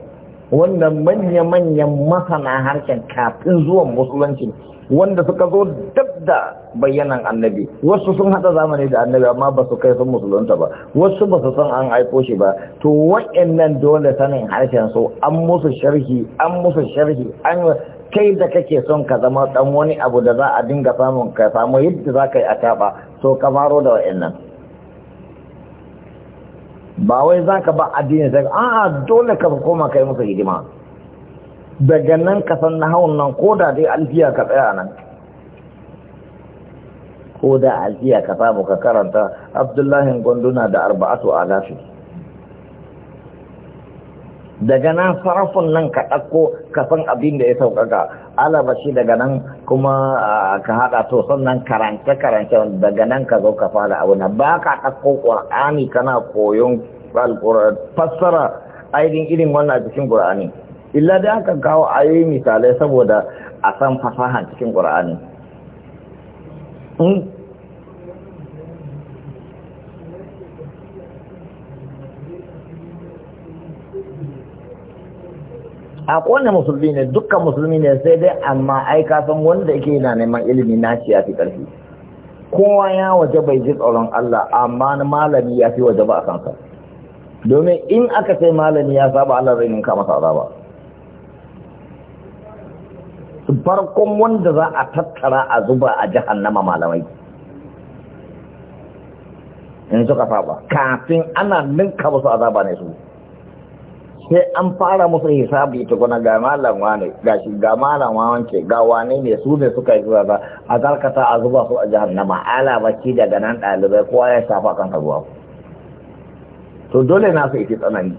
wanda manya-manyan masana harshen kafin zuwan musulunci wanda suka zo dab da bayyanan annabi wasu sun hada zamani da annabi amma ba su kai sun musulunta ba wasu ba su san an aiko shi ba to wa'annan dole sanin harshen su an musu sharhi an musu sharhi an kai da kake son ka zama dan wani abu da za a dinga samun ka samu yadda za ka yi a taɓa so ka faro da wa'annan ba wai za ka ba addini sai a'a dole ka koma kai masa hidima daga nan ka san na hawan nan ko da dai alfiya ka tsaya nan ko da alfiya ka samu ka karanta abdullahi gwanduna da arba'atu a lafi daga nan farafin nan ka ɗauko ka san abin da ya sauƙaƙa shi daga nan kuma ka haɗa to sannan karance karance daga nan ka zo ka fara abu na ba ka ɗauko ƙur'ani kana koyon fassara ainihin irin wannan cikin ƙur'ani illa dai aka kawo ayoyi misalai saboda a san fasaha cikin ƙur'ani hmm? a kowane musulmi ne dukkan musulmi ne sai dai amma ai ka wanda yake yana neman ilimi na shi ya fi ƙarfi kowa ya waje bai ji tsoron Allah amma malami ya fi waje ba a kansa domin in aka sai malami ya saba Allah zai ninka masa azaba farkon wanda za a tattara a zuba a jahannama malamai in suka saba kafin ana ninka wasu azaba ne su sai an fara musu hisabi kuna ga malam wane ga shi ga malam wance ga wane ne su ne suka yi zuwa ba a zarkata a zuba su a jahannama ala baki daga nan ɗalibai kowa ya shafa kan ruwa to dole na su ita tsanani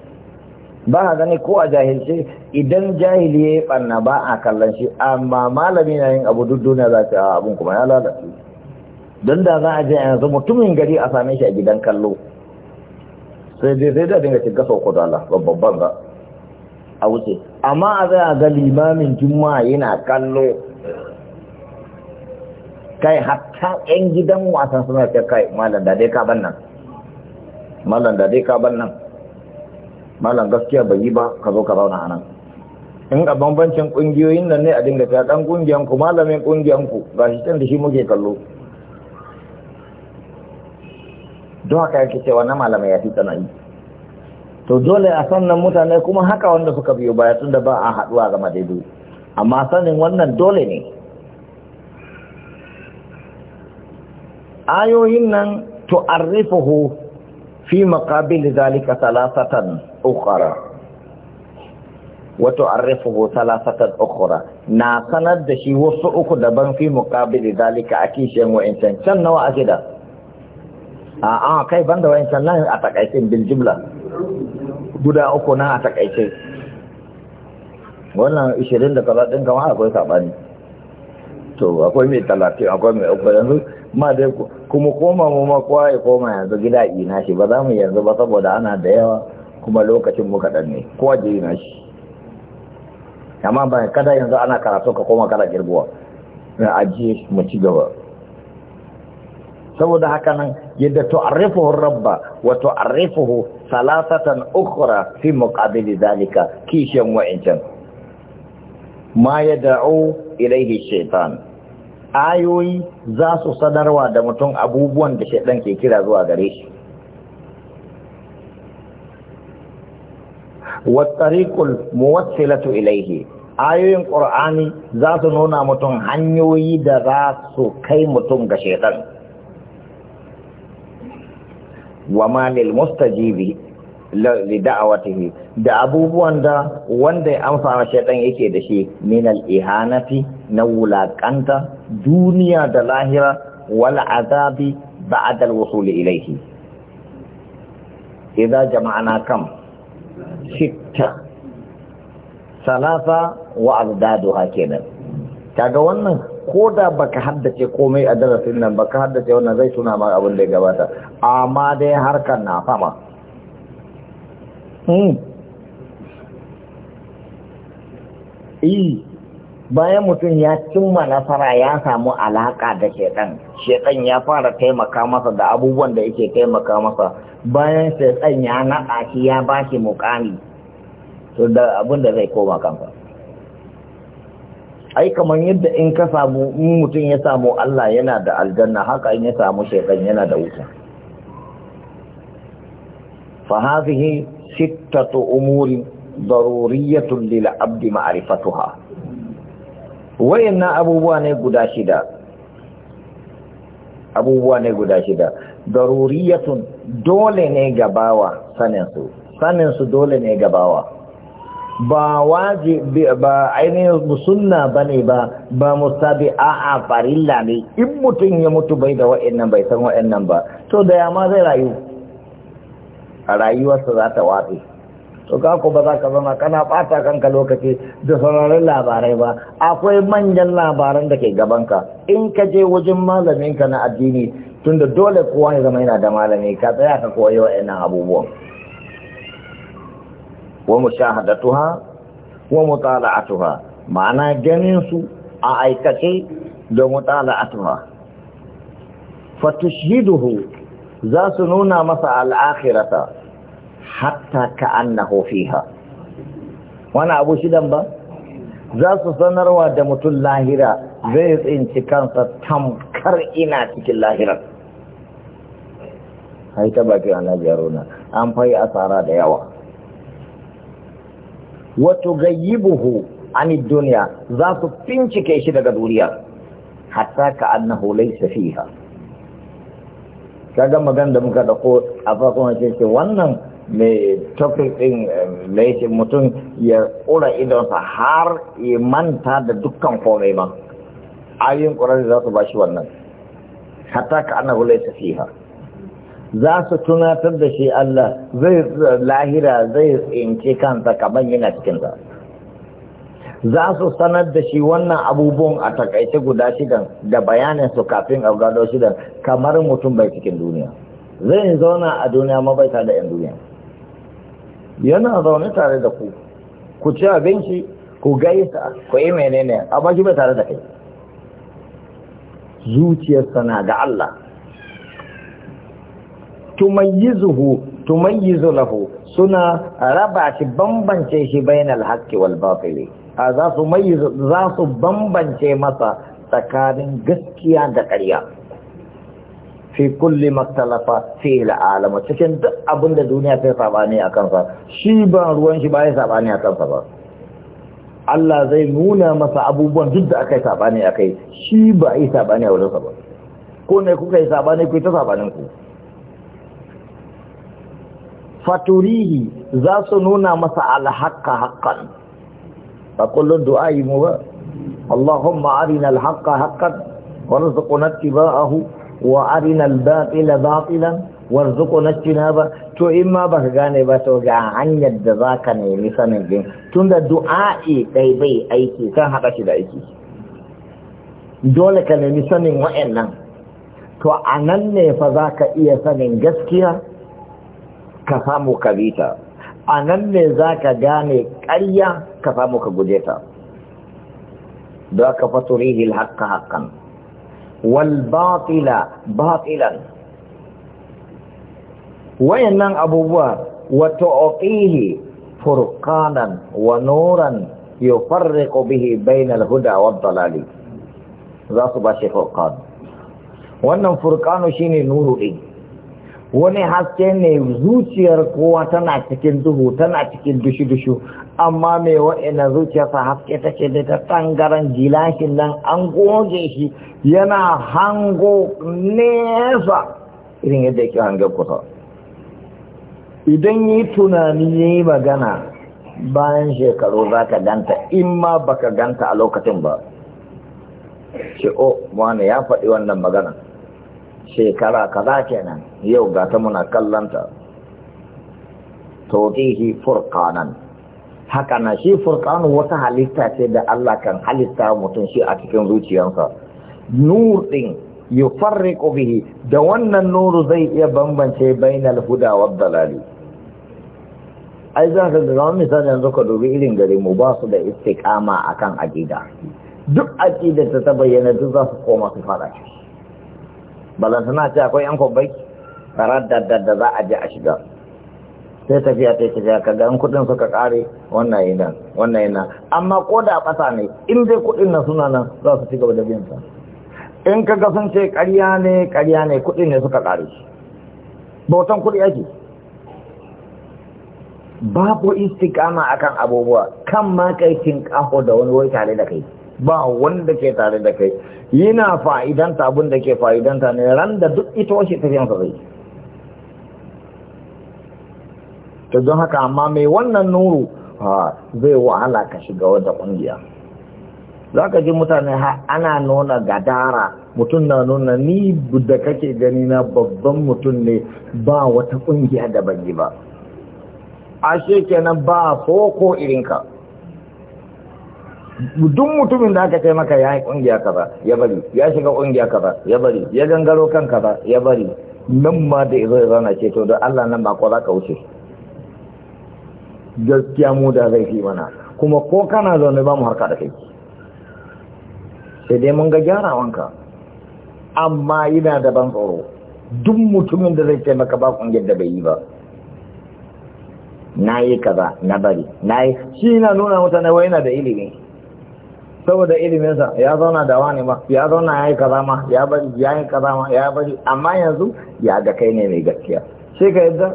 ba a gani ko a jahilce idan jahili ya yi ɓanna ba a kallon shi amma malami na yin abu duk duniya za ta ah, abin kuma ya lalace don da za a je yanzu mutumin gari a same shi a gidan kallo sai dai zai da dinga shiga sauko da Allah babban ba a wuce amma a zai ga limamin juma'a yana kallo kai hatta yan gidan wasan suna ce kai malam da dai ka ban nan malam da dai ka ban nan malam gaskiya bai yi ba ka zo ka zauna a nan in ga bambancin kungiyoyin nan ne a dinga ta dan kungiyanku malamin kungiyanku Ga shi can da shi muke kallo don haka yake cewa na malamai ya fi tsanani to dole a sannan mutane kuma haka wanda suka biyo baya tun da ba a haɗuwa ga daidai amma sanin wannan dole ne ayoyin nan to tu'arrifuhu fi makabili zalika salasatan ukhra wa tu'arrifuhu salasatan ukhra na sanar da shi wasu uku daban fi makabili zalika a kishiyan wa'incan can nawa a shida a kai kai da wayancan nan a takaice bil jumla guda uku nan a takaice wannan 20 da kaza din kama akwai sabani to akwai mai talatin akwai mai uku yanzu ma dai kuma koma mu ma ya koma yanzu gida ina shi ba za mu yanzu ba saboda ana da yawa kuma lokacin mu kaɗan ne kowa je ina shi amma ba kada yanzu ana karatu ka koma kana girbuwa na ajiye mu ci gaba saboda haka nan yadda tu'arrifuhu rabba wa tu'arrifuhu salasatan ukhra fi muqabili zalika kishan wa'incan ma yad'u ilayhi shaytan ayoyi za su sanarwa da mutum abubuwan da shaytan ke kira zuwa gare shi wa tariqul muwassilatu ilayhi ayoyin qur'ani za su nuna mutum hanyoyi da za su kai mutum ga shaytan wa ma lil mustajibi li da'awatihi da abubuwan da wanda ya amsa ma shaidan yake da shi min al ihanati na wulakanta duniya da lahira wal azabi ba'da al wusul ilayhi idza jama'ana kam sitta salasa wa azdaduha kenan kaga wannan ko da baka haddace komai a darasin nan baka haddace wannan zai tuna ma abin da ya gabata amma dai harkar na fama hmm. bayan mutum ya cimma nasara ya samu alaka da shekan shekan ya fara taimaka masa da abubuwan da yake taimaka masa bayan shekan ya naɗa shi ya ba shi mukami to da abin da zai koma kansa ai kamar yadda in ka samu in mutum ya samu Allah yana da aljanna haka in ya samu shaitan yana da wuta fa hadhihi sittatu umuri daruriyatun lil abdi ma'rifatuha Wayanna abubuwa ne guda shida abubuwa ne guda shida daruriyatun dole ne gabawa sanin su sanin su dole ne gabawa ba wajibi ba ainihin musunna ba ne ba ba mustabi a a farilla ne in mutum ya mutu bai da wa'annan bai san wa'annan ba to da yama zai rayu a rayuwarsa za ta watsi to ka ku ba za ka zama kana bata kanka lokaci da sauraron labarai ba akwai manyan labaran da ke gabanka in ka je wajen malaminka na addini tunda dole kowa ya zama yana da malami ka tsaya ka koyi wa'annan abubuwan wa mushahadatuha wa mutala'atuha ma'ana ganin su a aikace da mutala'atuha Fatushiduhu za su nuna masa al'akhirata hatta ka'annahu fiha wani abu shidan ba za su sanarwa da mutum lahira zai tsinci kansa tamkar ina cikin lahirar haita baki annabi yarona an fayi asara da yawa wato gayyibuhu an duniya za su fincike shi daga duniya hatta ka annahu laysa fiha kaga magan da muka dako a farkon ce ce wannan me topic din eh, laifin mutum ya kura sa har ya manta da dukkan komai ma ayin ƙurar za su ba shi wannan hatta ka annahu laysa fiha za su tunatar da shi Allah zai lahira zai tsinci kansa kamar yana cikin za su sanar da shi wannan abubuwan a takaice guda shidan da bayanin su kafin a gado shidan kamar mutum bai cikin duniya zai zauna a duniya mabaita da 'yan duniya yana zaune tare da ku ku ci abinci ku gaisa ku yi menene amma shi bai tare da kai zuciyarsa na ga Allah tumayyizuhu tumayyizu lahu suna raba shi bambance shi bainal haqqi wal batili za su za su bambance masa tsakanin gaskiya da ƙarya fi kulli maktalafa fi alama cikin duk abin da duniya ta sabani a kansa shi ba ruwan shi ba ya sabani a kansa ba Allah zai nuna masa abubuwan duk da aka yi sabani a kai shi ba yi sabani a wurinsa ba ko ne kuka yi sabani ku ta sabanin ku faturihi za su nuna masa alhaqa haqqan ba kullun du'a'i mu ba Allahumma arina alhaqa haqqan warzuqna ittiba'ahu wa arina albatila batilan na ba. to in ma baka gane ba to ga hanyar da zaka nemi sanin din tunda du'a'i dai bai aiki kan haɗa shi da aiki dole ka nemi sanin wa'annan to a nan ne fa ka iya sanin gaskiya ka samu ka bi ta a nan ne za ka gane ƙarya ka samu ka guje ta da ka faturihil haƙƙa haƙƙan wal batila batilan wayannan abubuwa wato oƙihi furkanan wa nuran yufarriqu bihi bainal huda wad dalali za su ba shi furqan wannan furqanu shine nuru din wani haske ne zuciyar kowa tana cikin duhu tana cikin dushu dushu amma mai wa'ina zuciyarsa haske take da ta tangaran gilashin nan an goge shi yana hango nesa irin yadda yake hangar kusa idan yi tunani ya yi magana bayan shekaru za ka ganta in ma baka ganta a lokacin ba ce o oh, wani ya faɗi wannan magana shekara kaza kenan yau ga ta muna kallanta tawdihi furqanan haka na shi furkanu wata halitta ce da Allah kan halitta mutum shi a cikin zuciyarsa nur din farri bihi da wannan nuru zai iya bambance bainal huda wa dalali ai za ka ga misali yanzu ka dubi irin gare mu ba su da istiqama akan aqida duk da ta bayyana duk za su koma su fara shi balantana ce akwai yan a raddadda da za a je a shiga sai tafiya ta tafiya ka ga kudin suka kare wannan yana wannan yana amma ko da kasa ne in dai kudin na suna nan za su ci gaba da biyan sa in ka ga sun ce ƙarya ne ƙarya ne kudin ne suka kare shi bautan kudi ake babu istiqama akan abubuwa kan ma kai kin kaho da wani wai tare da kai ba wanda ke tare da kai yana fa'idanta abin da ke fa'idanta ne ran da duk ita ta tafiyansa zai ta don haka amma mai wannan nuru zai wahala ka shiga wadda ƙungiya za ka ji mutane ana nuna gadara mutum na nuna ni da kake gani na babban mutum ne ba wata ƙungiya da ban yi ba ashe kenan ba ko irinka duk mutumin da aka taimaka maka ya yi kungiya kaza ya bari ya shiga kungiya kaza ya bari ya gangaro kan kaza ya bari nan ma da izo ya zana ce to don Allah nan ba ko za ka wuce gaskiya mu da zai fi mana kuma ko kana zaune ba mu harka da kai sai dai mun ga gyara wanka. amma yana da ban tsoro duk mutumin da zai taimaka ba kungiyar da bai yi ba na yi kaza na bari na yi shi na nuna mutane wai yana da ilimi saboda iliminsa ya zauna da wani ma ya zauna ya yi kaza ya bari ya yi kaza ya bari amma yanzu ya ga kai ne mai gaskiya sai ka yadda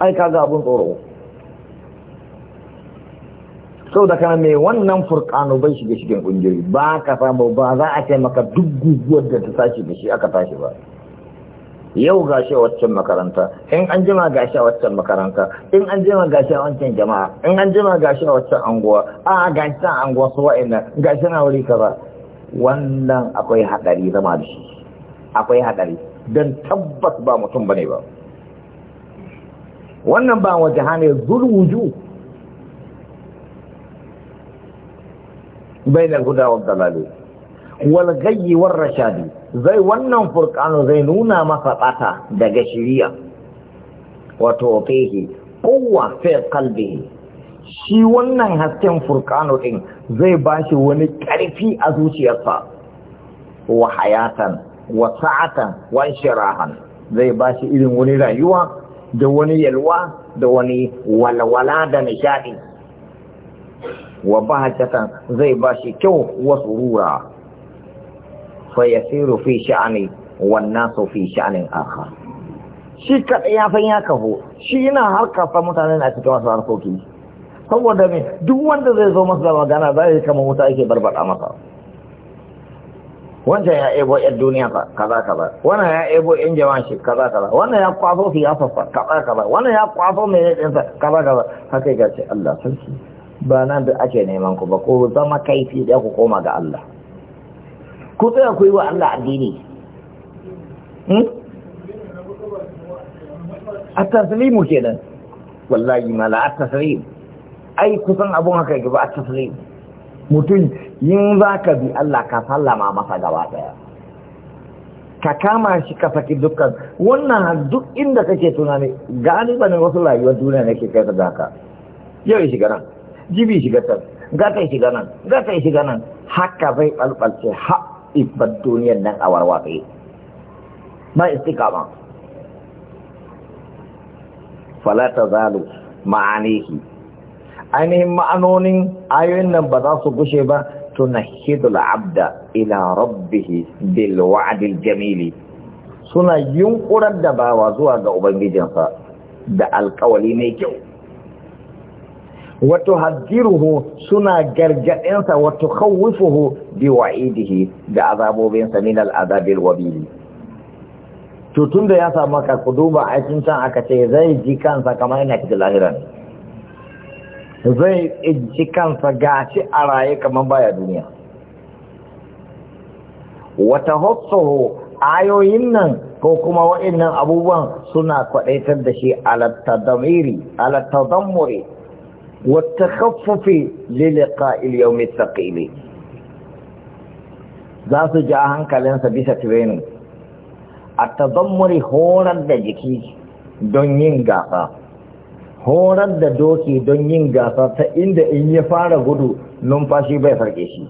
ai ka ga abun tsoro saboda kana mai wannan furkano bai shiga shigen kungiyoyi ba ka samu ba za a taimaka maka duk guguwar da ta tashi da shi aka tashi ba yau gashi a waccan makaranta in an jima gashi a waccan makaranta in an jima gashi a wancan jama'a in an jima gashi a waccan anguwa a gashi a anguwa su wa'ina gashi na wuri kaza wannan akwai hadari zama da shi akwai hadari don tabbas ba mutum bane ba wannan ba waje hane zulwuju Bai huda gudawar dalali wal ghayyi war rashadi zai wannan furkano zai nuna masa bata daga shiriya wato fihi kowa fi kalbe shi wannan hasken furkano din zai ba shi wani ƙarfi a zuciyarsa wa hayatan wa sa'atan wa shirahan zai shi irin wani rayuwa da wani yalwa da wani walwala da nishadi wa bahajatan zai ba shi kyau wa surura fayasiru fi sha'ani wan nasu fi sha'anin akhar shi kaɗai ya san ya kafo. shi yana harka fa mutane na cikin wasu harkoki saboda me duk wanda zai zo masa magana za ya kama wuta ake barbada masa wancan ya ebo yan duniya fa kaza kaza wannan ya ebo yan jama'a shi kaza kaza wannan ya kwaso siyasa fa kaza kaza wannan ya kwaso mai din sa kaza kaza haka ga ce Allah sarki ba nan da ake neman ku ba ko zama kaifi da ku koma ga Allah ku tsaya ku yi wa Allah addini hmm? a taslimu kenan wallahi mala a taslim ai kusan abun haka gaba a taslim mutum yin za ka bi Allah ka sallama masa gaba daya ka kama shi ka saki dukkan wannan duk inda kake tunani na wasu rayuwar duniya ne ke kai da ka. yau ya shiga nan jibi shiga can gata ya shiga nan gata ya shiga nan haka zai ɓalɓalce ha ibad duniyar nan a warwaƙe ba istiqama fala tazalu ma'anihi ainihin ma'anonin ayoyin nan ba za su gushe ba tunahidul abda ila rabbihi bil wa'adil jamili suna yunƙurar da bawa zuwa ga ubangijinsa da alkawali mai kyau wato hadiruhu suna gargadinsa wato tukhawifuhu bi wa'idihi da azabobinsa min al'adabil wabili to tunda ya samu ka ku duba aikin can aka ce zai ji kansa kamar yana cikin lahiran zai ji kansa gashi a raye kamar baya duniya wata hotsoho ayoyin nan ko kuma waɗannan abubuwan suna kwaɗaitar da shi alattadammuri والتخفف للقاء اليوم الثقيل ذات جاهن كلن سبيسة تبين التضمر هون الدجكي دنين غافا horar da doki don yin gasa ta inda in ya fara gudu numfashi bai farke shi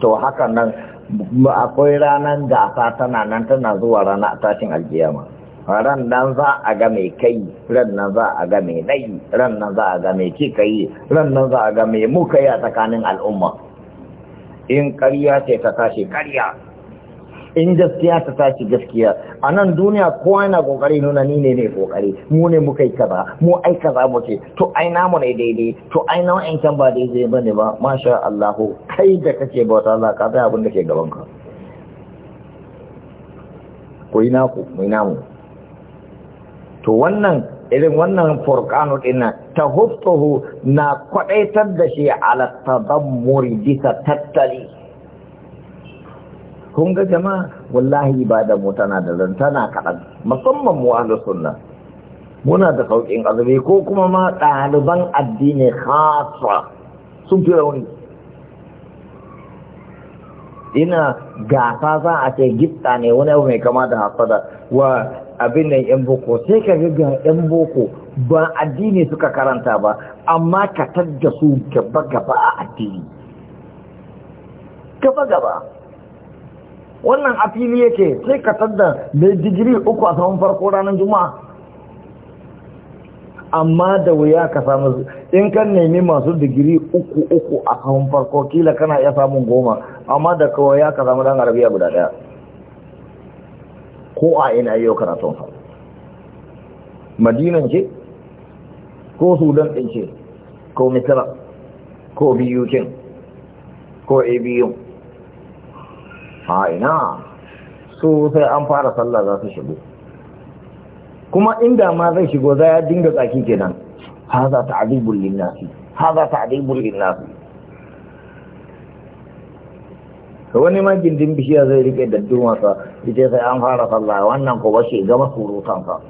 to haka nan akwai ranar gasa tana nan tana zuwa rana a tashin alkiyama ran nan za a ga mai kai ran nan za a ga mai nayi ran nan za a ga mai kika ran nan za a ga mai muka yi a tsakanin al'umma in ƙarya ce ta tashi ƙarya in gaskiya ta tashi gaskiya a nan duniya kowa yana kokari nuna ni ne ne kokari mu ne muka yi kaza mu ai kaza mu ce to ai namu ne daidai to ai na can ba daidai ba ne ba masha Allah kai da kake bauta Allah ka abin da ke gaban ka ku yi naku mu yi namu to wannan irin wannan furqanu dina tahuffuhu na kwaɗaitar da shi ala tadammuri bisa tattali kun ga jama'a wallahi ibada mu tana da rantana kadan musamman mu ahlu sunna muna da sauƙin azumi ko kuma ma ɗaliban addini khasa sun fi rauni ina gasa za a ce gitsa ne wani abu mai kama da hasada wa abin nan yan boko sai ka ga yan boko ba addini suka karanta ba amma ka tadda su gaba gaba a addini gaba gaba wannan afili fili yake sai ka tadda mai digiri uku a saman farko ranar juma'a amma da wuya ka samu in kan nemi masu digiri uku uku a kan farko kila kana iya samun goma amma da kawai ya ka samu dan arabiya guda daya ko a ina yau karatun fa madinan ce ko sudan din ce ko Misira? ko biyu kin ko abu a ina so sai an fara sallah za su shigo kuma inda ma zai shigo za ya dinga tsaki kenan haza ta'dibul linnasi haza ta'dibul linnasi wani ma gindin bishiya zai rike da wasa ita sai an fara sallah wannan ko bashi gaba surutan sa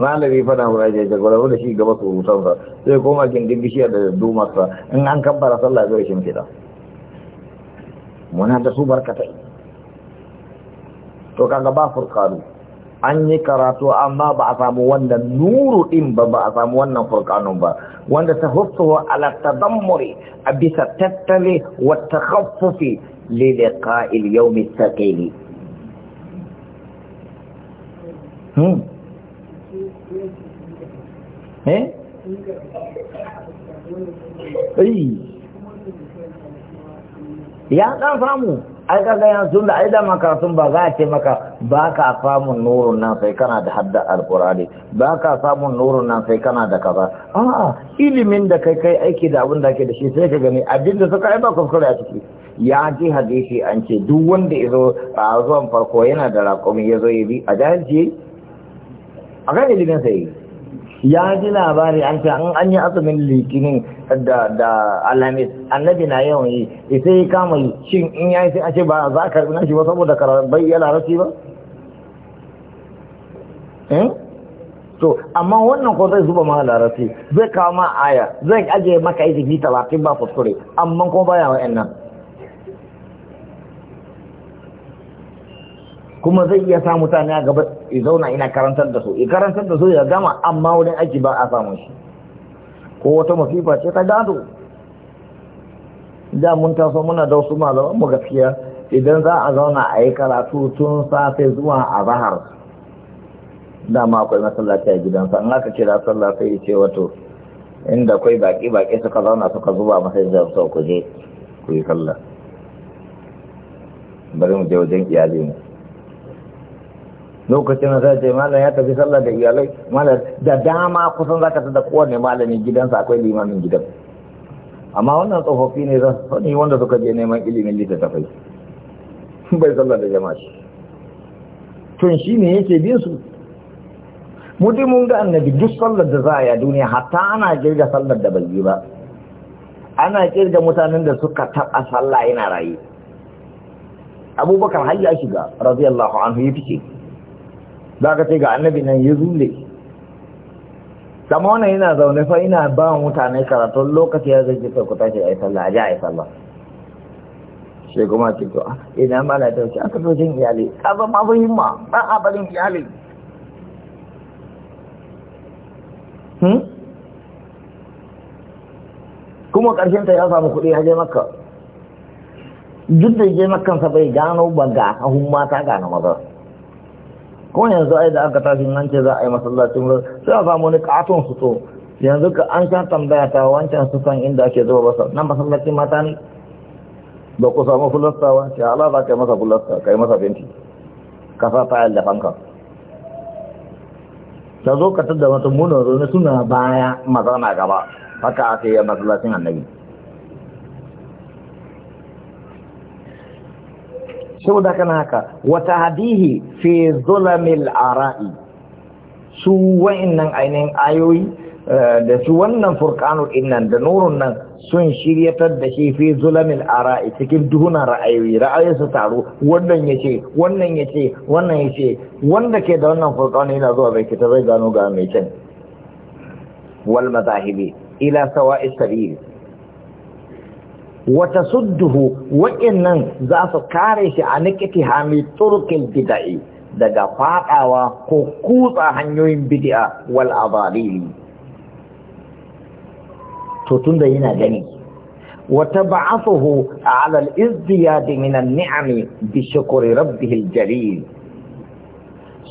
malami fada wa ya gora da shi gaba surutan sa sai koma gindin bishiya da daddun in an kabbara sallah zai shimfida muna da su barkatai to kaga ba furkanu an yi karatu amma ba a samu wannan nuru din ba ba a samu wannan furkanun ba wanda ta husuwa ala tadammuri a bisa tattale wa takhaffufi li liqa'il yawmi thaqili hmm eh ya dan samu ai kaga yanzu da ai dama karatun ba za a ce maka ba ka samun nurun nan sai kana da hadda alkurari ba ka samun nurun nan sai kana da kaza a'a ilimin da kai kai aiki da abin da ke da shi sai ka gani abin da suka ai ba kuskure a ciki ya ji hadisi an ce duk wanda ya a zuwan farko yana da raƙumi ya zo ya bi a jahilci a kan ilimin sai ya ji labari an ce an yi azumin likinin da da alamis annabi na yawan yi sai ya kama shin in ya yi sai a ce ba za a karbi nashi ba saboda karabai ya larashi ba eh? to amma wannan ko zai zuba maka larashi zai kawo ma aya zai ajiye maka ta talatin ba kuskure amma kuma baya wa'annan kuma zai iya sa mutane a gaba ya zauna ina karantar da su ya karantar da su ya gama amma wurin aiki ba a samun shi ko wata masifa ce ta gado da mun taso muna da wasu malaman mu gaskiya idan za a zauna a yi karatu tun safe zuwa a zahar ma akwai masallaci a gidansa in aka kira sallah sai ce wato inda akwai baki baki suka zauna suka zuba masa da su ku je ku yi sallah bari mu je wajen iyali mu lokacin da sai ce malam ya tafi sallah da iyalai malam da dama kusan zaka da kowane malami gidansa akwai limamin gidan amma wannan tsofaffi ne za su sani wanda suka je neman ilimin littattafai bai sallah da jama'a tun shi ne yake bin su mutum mun ga annabi duk sallar da za a yi a duniya hatta ana kirga sallar da bai ba ana kirga mutanen da suka taɓa sallah yana raye abubakar har ya shiga radiyallahu anhu ya fice za ka ce ga annabi nan ya zule kama wannan yana zaune fa ina ba mutane karatun lokaci ya zai jisar kuta tashi a yi sallah a ji a yi sallah sai kuma ce to ah, ina ma na tauci aka taucin iyali ka zama fahimma ba a barin iyali hmm? kuma karshen ta ya samu kuɗi haje makka duk da je makkansa bai gano ba ga hun mata gano maza ko yanzu ai da aka tashi nan ce za a yi masallacin sai a samu wani katon su to yanzu ka an san tambaya ta wancan su san inda ake zuwa basa nan masallacin mata ne ba ku samu fulasta ba ce ala za ka yi masa fulasta ka yi masa fenti ka sa ta da fanka ta zo ka tada mata munar zo suna baya magana gaba haka ake yi masallacin annabi saboda kana haka wata hadihi fi zulamil ara'i su wa'annan ainihin ayoyi eh, da su wannan furkanu innan da nurun nan sun shiryatar da shi fi zulamil ara'i cikin duhunan ra'ayoyi ra'ayoyi su taru wannan ya ce wannan ya ce wannan ya ce wanda ke da wannan furkanu yana zuwa bai kita zai gano ga mai can wal mazahibi ila sawa'i sabili wata sudduhu wa'innan za su kare shi a nikiti hami turkin bida'i daga fadawa ko kutsa hanyoyin bidi'a wal adalili to tunda yana gani wata ba'athuhu a alal izdiyad min an-ni'ami bi shukri rabbih jalil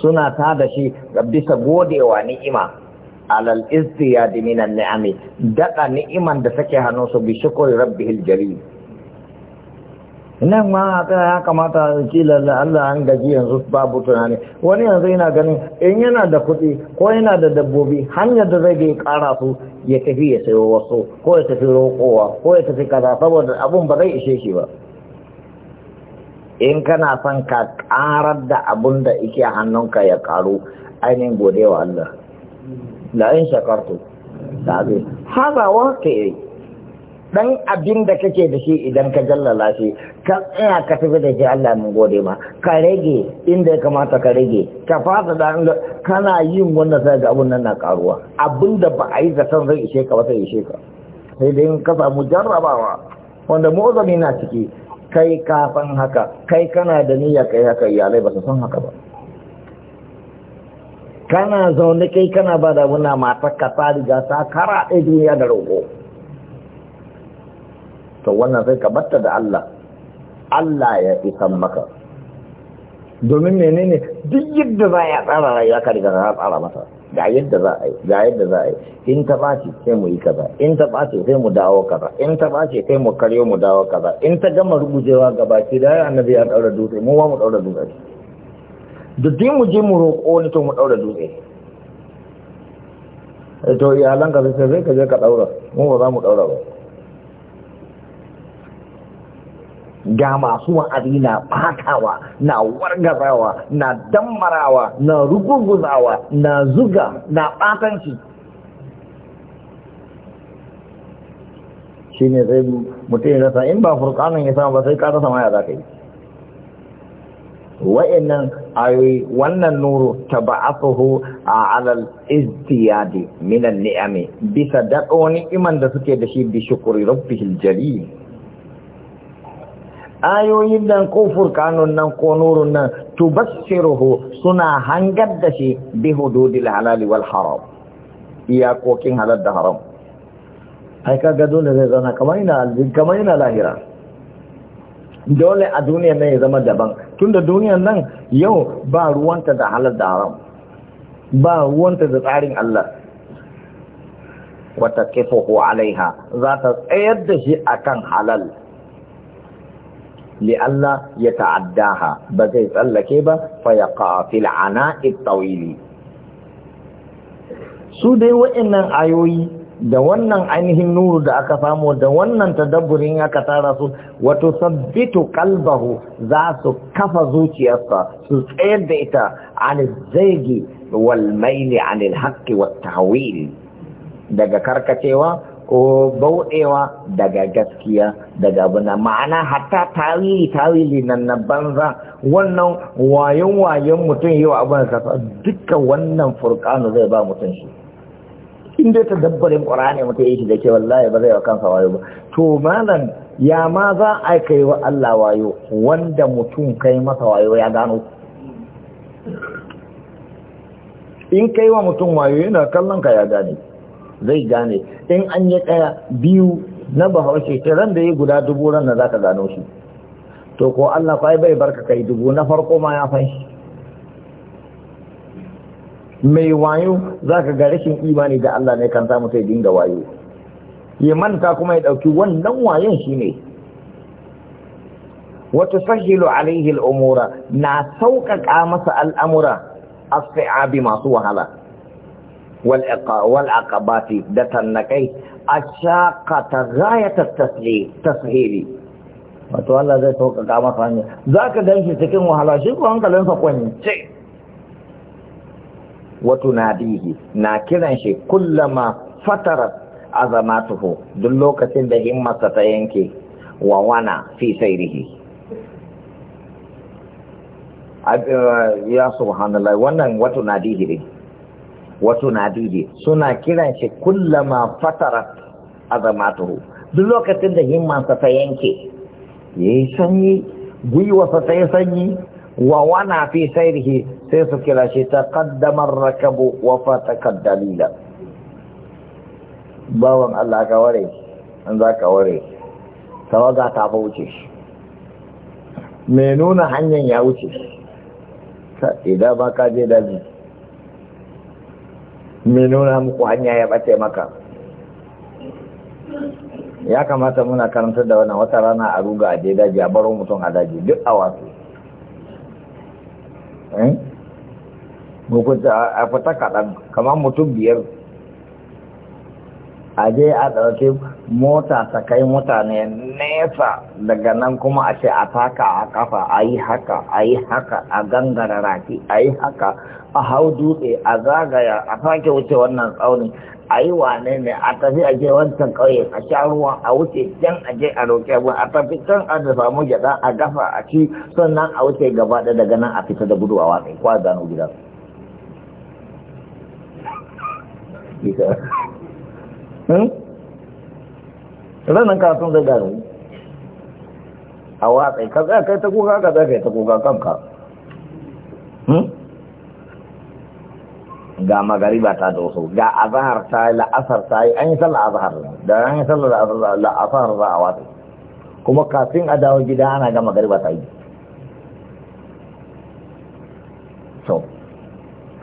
suna ta da shi rabbi sa godewa ni'ima alal izdiyad min ni'ami daɗa ni'iman da take hannu su bi shukuri rabbi hiljari nan ma a tsaya ya kamata lalla Allah an gaji yanzu babu tunani wani yanzu yana ganin in yana da kuɗi ko yana da dabbobi hanyar da zai ƙara su ya tafi ya sayo wasu ko ya tafi roƙowa ko ya tafi kaza saboda abun ba zai ishe shi ba in kana son ka ƙarar da abun da ike hannunka ya karu ainihin godewa Allah la'in shakartu sabe haza waqi'i dan abin da kake da shi idan ka jallala shi ka tsaya ka tafi da shi Allah mun gode ma ka rage inda ya kamata ka rage ka fasa da kana yin wannan sai ga abun nan na karuwa abinda ba a yi san zai ishe ka ba sai ishe ka sai dai ka samu jarrabawa wanda mu'azzami na ciki kai kafan haka kai kana da niyya kai haka iyalai ba su san haka ba kana zaune kai kana ba da muna matakka ta riga ta kara ɗaya duniya da roƙo to wannan sai ka batta da Allah Allah ya isan maka domin menene duk yadda za a tsara rayuwa ka riga za tsara masa ga yadda za a yi ga yadda za a yi in ta bace sai mu yi kaza in ta bace sai mu dawo kaza in ta bace sai mu karyo mu dawo kaza in ta gama rubujewa gaba ki da annabi ya daura dutse mu wa mu daura dutse da dai mu je mu roƙo ni to mu ɗaura dutse eh, to iyalan ka sai sai ka je ka ɗaura mu ba za mu ɗaura ba ga masu wa'azi na fatawa na wargazawa na dammarawa na rugugunawa na zuga na ɓatanci shi ne sai mutum ya rasa in ba furkanin ya sama ba sai ka rasa maya za ka yi wa'annan ayoyi wannan nuru ta ala a izdiyadi istiyadi minan niami bisa dako iman da suke da shi bi shukri rabbihil jalil ayoyin nan ko furkanun nan ko nurun nan tubassiruhu suna hangar da shi bi hududil halal wal haram iyakokin halal da haram ai kaga dole zai zauna kamar ina kamar ina lahira dole a duniya nan ya zama daban tunda duniyan nan yau ba ruwanta da halar da haram ba ruwanta da tsarin Allah wata kifuhu alaiha za ta tsayar da shi akan halal li Allah ya ta'adda ha, ba zai tsallake ba fa ya qafil ana'i wili. su dai wa'annan ayoyi da wannan ainihin nuru da aka samu da wannan tadabburin aka tara su wato sabbitu kalbahu za su kafa zuciyarsa su tsayar da ita an zaigi wal maili anil haqqi wat tahwil daga karkacewa ko bauɗewa daga gaskiya daga abuna ma'ana hatta tawili tawili nan na banza wannan wayon wayon mutum yi wa abin dukkan wannan furkanu zai ba mutum shi in dai tadabbarin qur'ani mutum yake da ke wallahi ba zai wa kansa wayo ba to malam ya ma za a kai wa Allah wayo wanda mutum kai masa wayo ya gano in kai wa mutum wayo yana kallon ka ya gane zai gane in an yi ɗaya biyu na bahaushe ta ran da ya guda dubu ran da za ka gano shi to ko Allah fa bai barka kai dubu na farko ma ya san shi mai wayo za ka ga rashin imani da Allah ne kan samu sai dinga wayo ya manta kuma ya ɗauki wannan wayon shi ne wata sahilu alaihi al'umura na sauƙaƙa masa al'amura a fi’abi masu wahala wal da tannakai a shaƙata gayatar tasiri wato Allah zai sauƙaƙa masa hanyar za ka gan shi cikin wahala shi ko hankalinsa kwance wato nadihi na kiran shi kullama fatarat azamatuhu duk lokacin da himmarsa ta yanke wa wana fi sairihi eh, ya subhanallah wannan wato nadihi ne wato nadihi suna kiran shi kullama fatarat azamatuhu duk lokacin da himmarsa ta yanke yayi sanyi gwiwarsa ta yi sanyi wa wana fi sairihi sai su kira shi ta kaddamar rakabu wafa ta kaddalila bawan Allah ka ware an za ka ware tawaga ta fa wuce shi mai nuna hanyar ya wuce idan ba ka je daji mai nuna muku hanya ya bace maka ya kamata muna karantar da wannan wata rana a ruga a je daji a baro mutum a daji duk a wasu eh? mukunta a fita kaɗan kamar mutum biyar a je a ɗauki mota ta kai mutane nesa daga nan kuma a ce a taka a kafa a yi haka a yi haka a gangara raki a yi haka a hau dutse a zagaya a sake wuce wannan tsauni a yi wane ne a tafi a je wancan ƙauye a sha ruwa a wuce can a je a roƙe abin a tafi can a da samu gyaɗa a gafa a ci sannan a wuce gaba daga nan a fita da gudu a watsa kwa gano gidansu ita hmm? ranar kasan zai gano a watsai ka tsaya kai ta kuka ka tsaya kai ta kuka kanka hmm? ga magariba ta doso ga azahar ta yi la'asar ta yi an yi sallar azahar da an yi sallar la'asar za a watsai kuma kafin a dawo gida ana ga magariba ta yi so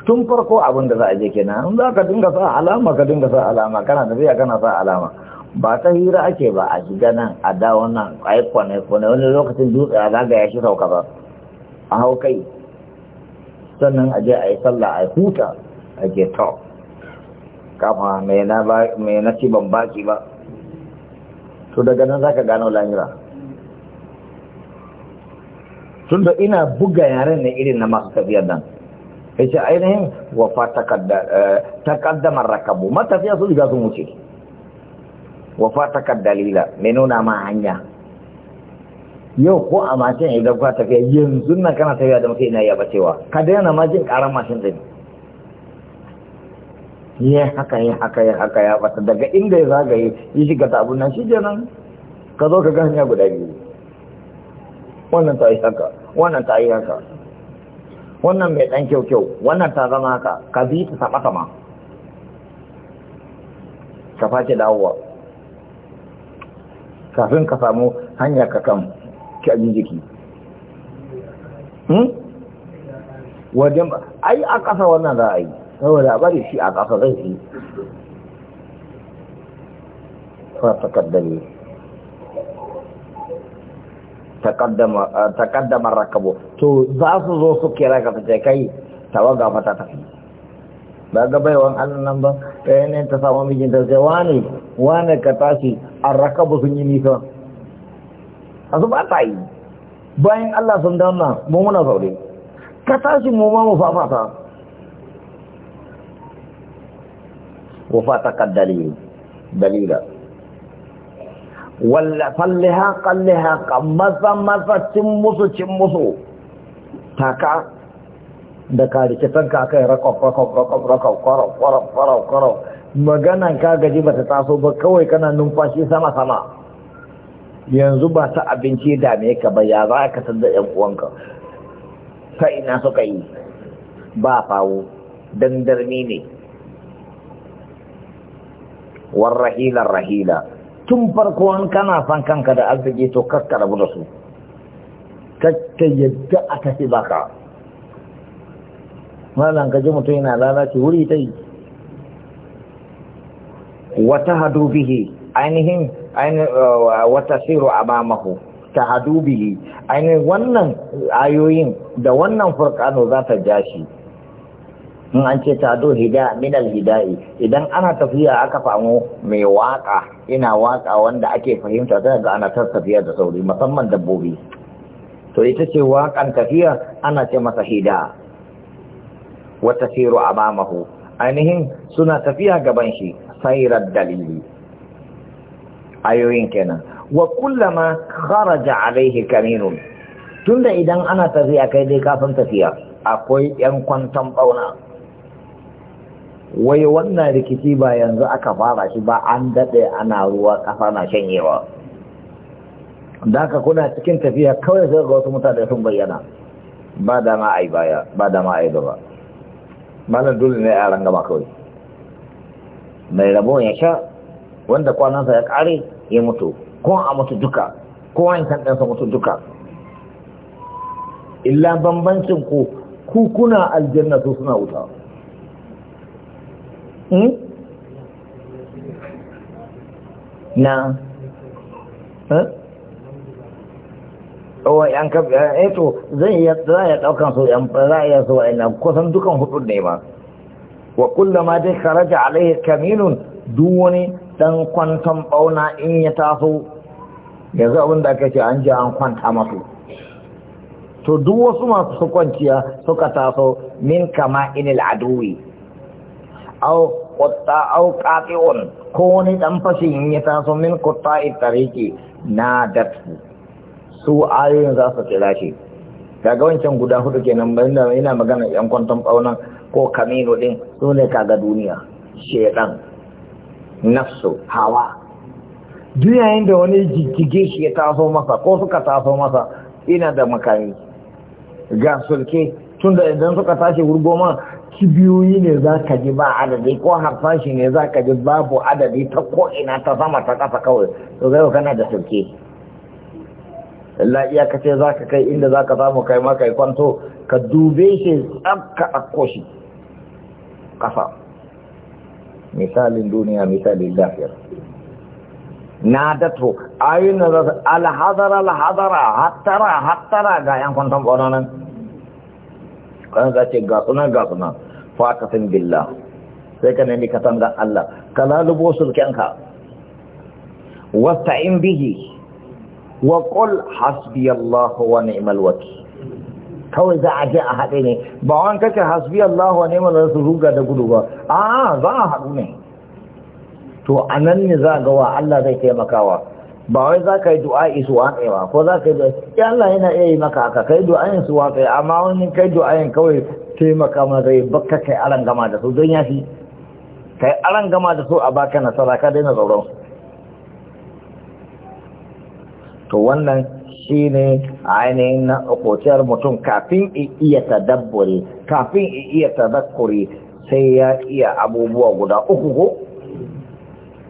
tun farko abin da za a je kenan in za ka dinga sa alama ka dinga sa alama kana tafiya kana sa alama ba ta hira ake ba a shiga nan a da wannan a kwane kwane wani lokacin dutse a ya shi sauka ba a hau kai sannan a je a yi sallah a yi huta a ke to Kama mai na ci ban baki ba to daga nan za ka gano lahira tun da ina buga yaren ne irin na masu tafiyar nan yace ainihin wafa eh, takaddamar rakabu matafiya su riga sun wuce wafa taqaddalila mai nuna ma hanya yau ko a mashin idan ka tafiya yanzu na kana tafiya da mutum ina ya bacewa ka daina ma jin karan mashin din ya haka ya haka ya haka ya bata daga inda ya zagaye ya shiga ta abun nan shi kenan ka zo ka ga hanya guda biyu wannan ta yi haka wannan ta yi haka wannan mai ɗan kyau-kyau wannan ta zama ka ka bi ta sama-sama ka face dawowa kafin ka samu hanya ka kan kyanin jiki hmm? wajen ba ai a ƙasa wannan za a yi saboda a bari shi a ƙasa zai fi fata kaddare takaddamar eh, rakabu to za su zo su kira ka fice kai tawaga fata tafi ba ga baiwan allah nan ba ɗaya ne ta samu mijin ta sai wane wane ka tashi an rakabu sun yi nisa a su ba ta yi bayan allah sun dauna mu muna saurari ka tashi mu ma mu fafata wufata kan dalil dalila walla falliha qalliha qamza maza cin musu cin musu taka da karike tanka akai rakof rakof rakof rakof korof korof korof korof maganan ka gaji ta taso ba kawai kana numfashi sama sama yanzu ba ta abinci da me ka ba ya za ka san da uwanka ta ina suka yi ba fawo dandarmi ne warrahilar rahila tun farko an kana san kanka da arziki to kakka rabu da su kakka yadda a tafi baka malam ka ji mutum yana lalace wuri ta yi wata hadu bihi ainihin uh, wata siro a mamahu ta hadu bihi ainihin wannan ayoyin da wannan furkano za ta ja in an ce ta do hida minal hidai idan ana tafiya aka famu mai waka ina waka wanda ake fahimta ta ga ana tafiya da sauri musamman dabbobi to ita ce wakan tafiya ana ce masa hida wa tasiru amamahu ainihin suna tafiya gaban shi sairar dalili ayoyin kenan wa kullama kharaja alaihi kaminun tunda idan ana tafiya kai dai kafin tafiya akwai yan kwantan bauna wai wannan rikici ba yanzu aka fara shi ba an daɗe ana ruwa ƙasa na shanyewa da haka kuna cikin tafiya kawai sai ga wasu mutane sun bayyana ba da ma ai baya ba da ma ai ba malam dole ne a rangama kawai mai rabon ya sha wanda kwanansa ya ƙare ya mutu ko a mutu duka ko a kan ɗansa mutu duka illa bambancin ku ku kuna aljanna su suna wuta Hmm? na wa oh, yan kaf eh, eh to zai ya za ya daukan su yan za ya so ina kusan dukan hudu ne ma wa kullama dai kharaja alaihi kaminun duk wani dan kwanton ɓauna in ya taso yanzu abin da aka ce an ji an kwanta masu to duk wasu masu kwanciya suka taso min kama inil aduwi au kutta ko wani dan fashi in ya taso min qutta'i tariqi na datu su ayoyin za su kira shi kaga wancan guda hudu kenan banda ina magana yan kwantan baunan ko kamino din su kaga duniya shedan nafsu hawa duk yayin da wani jijjige shi ya taso masa ko suka taso masa ina da makami ga sulke tunda idan suka tashi hurgoma kibiyoyi ne za ka ji ba adadi ko harsashi ne za ka ji babu adadi ta ko'ina ta sama ta ƙasa kawai to zai kana da sauke la'iya ka ce za ka kai inda za ka samu kai maka kwanto ka dube shi tsab ka ɗauko shi ƙasa misalin duniya misalin lafiyar na dato ayyuna za su alhazara alhazara hattara hattara ga yan kwanton ɓoronan kan za ce ga suna ga suna fakatin billah sai ka nemi katangar Allah ka lalubo sulkenka wasta'in bihi wa qul hasbiyallahu wa ni'mal wakil kawai za a je a haɗe ne ba wani kake hasbiyallahu wa ni'mal wakil ruga da gudu ba a za a haɗu ne to anan ne za ga wa Allah zai taimakawa ba wai za ka yi du'a'i su waƙewa ko za ka yi du'a'i Allah yana iya yi maka aka kai du'a'in su waƙewa amma wani kai du'a'in kawai taimaka ma zai baka kai aran gama da su don ya fi kai aran gama da su a baka nasara ka daina tsoron to wannan shi ne ainihin na ƙociyar mutum kafin iya tadabbure kafin iya tadakkure sai ya iya abubuwa guda uku ko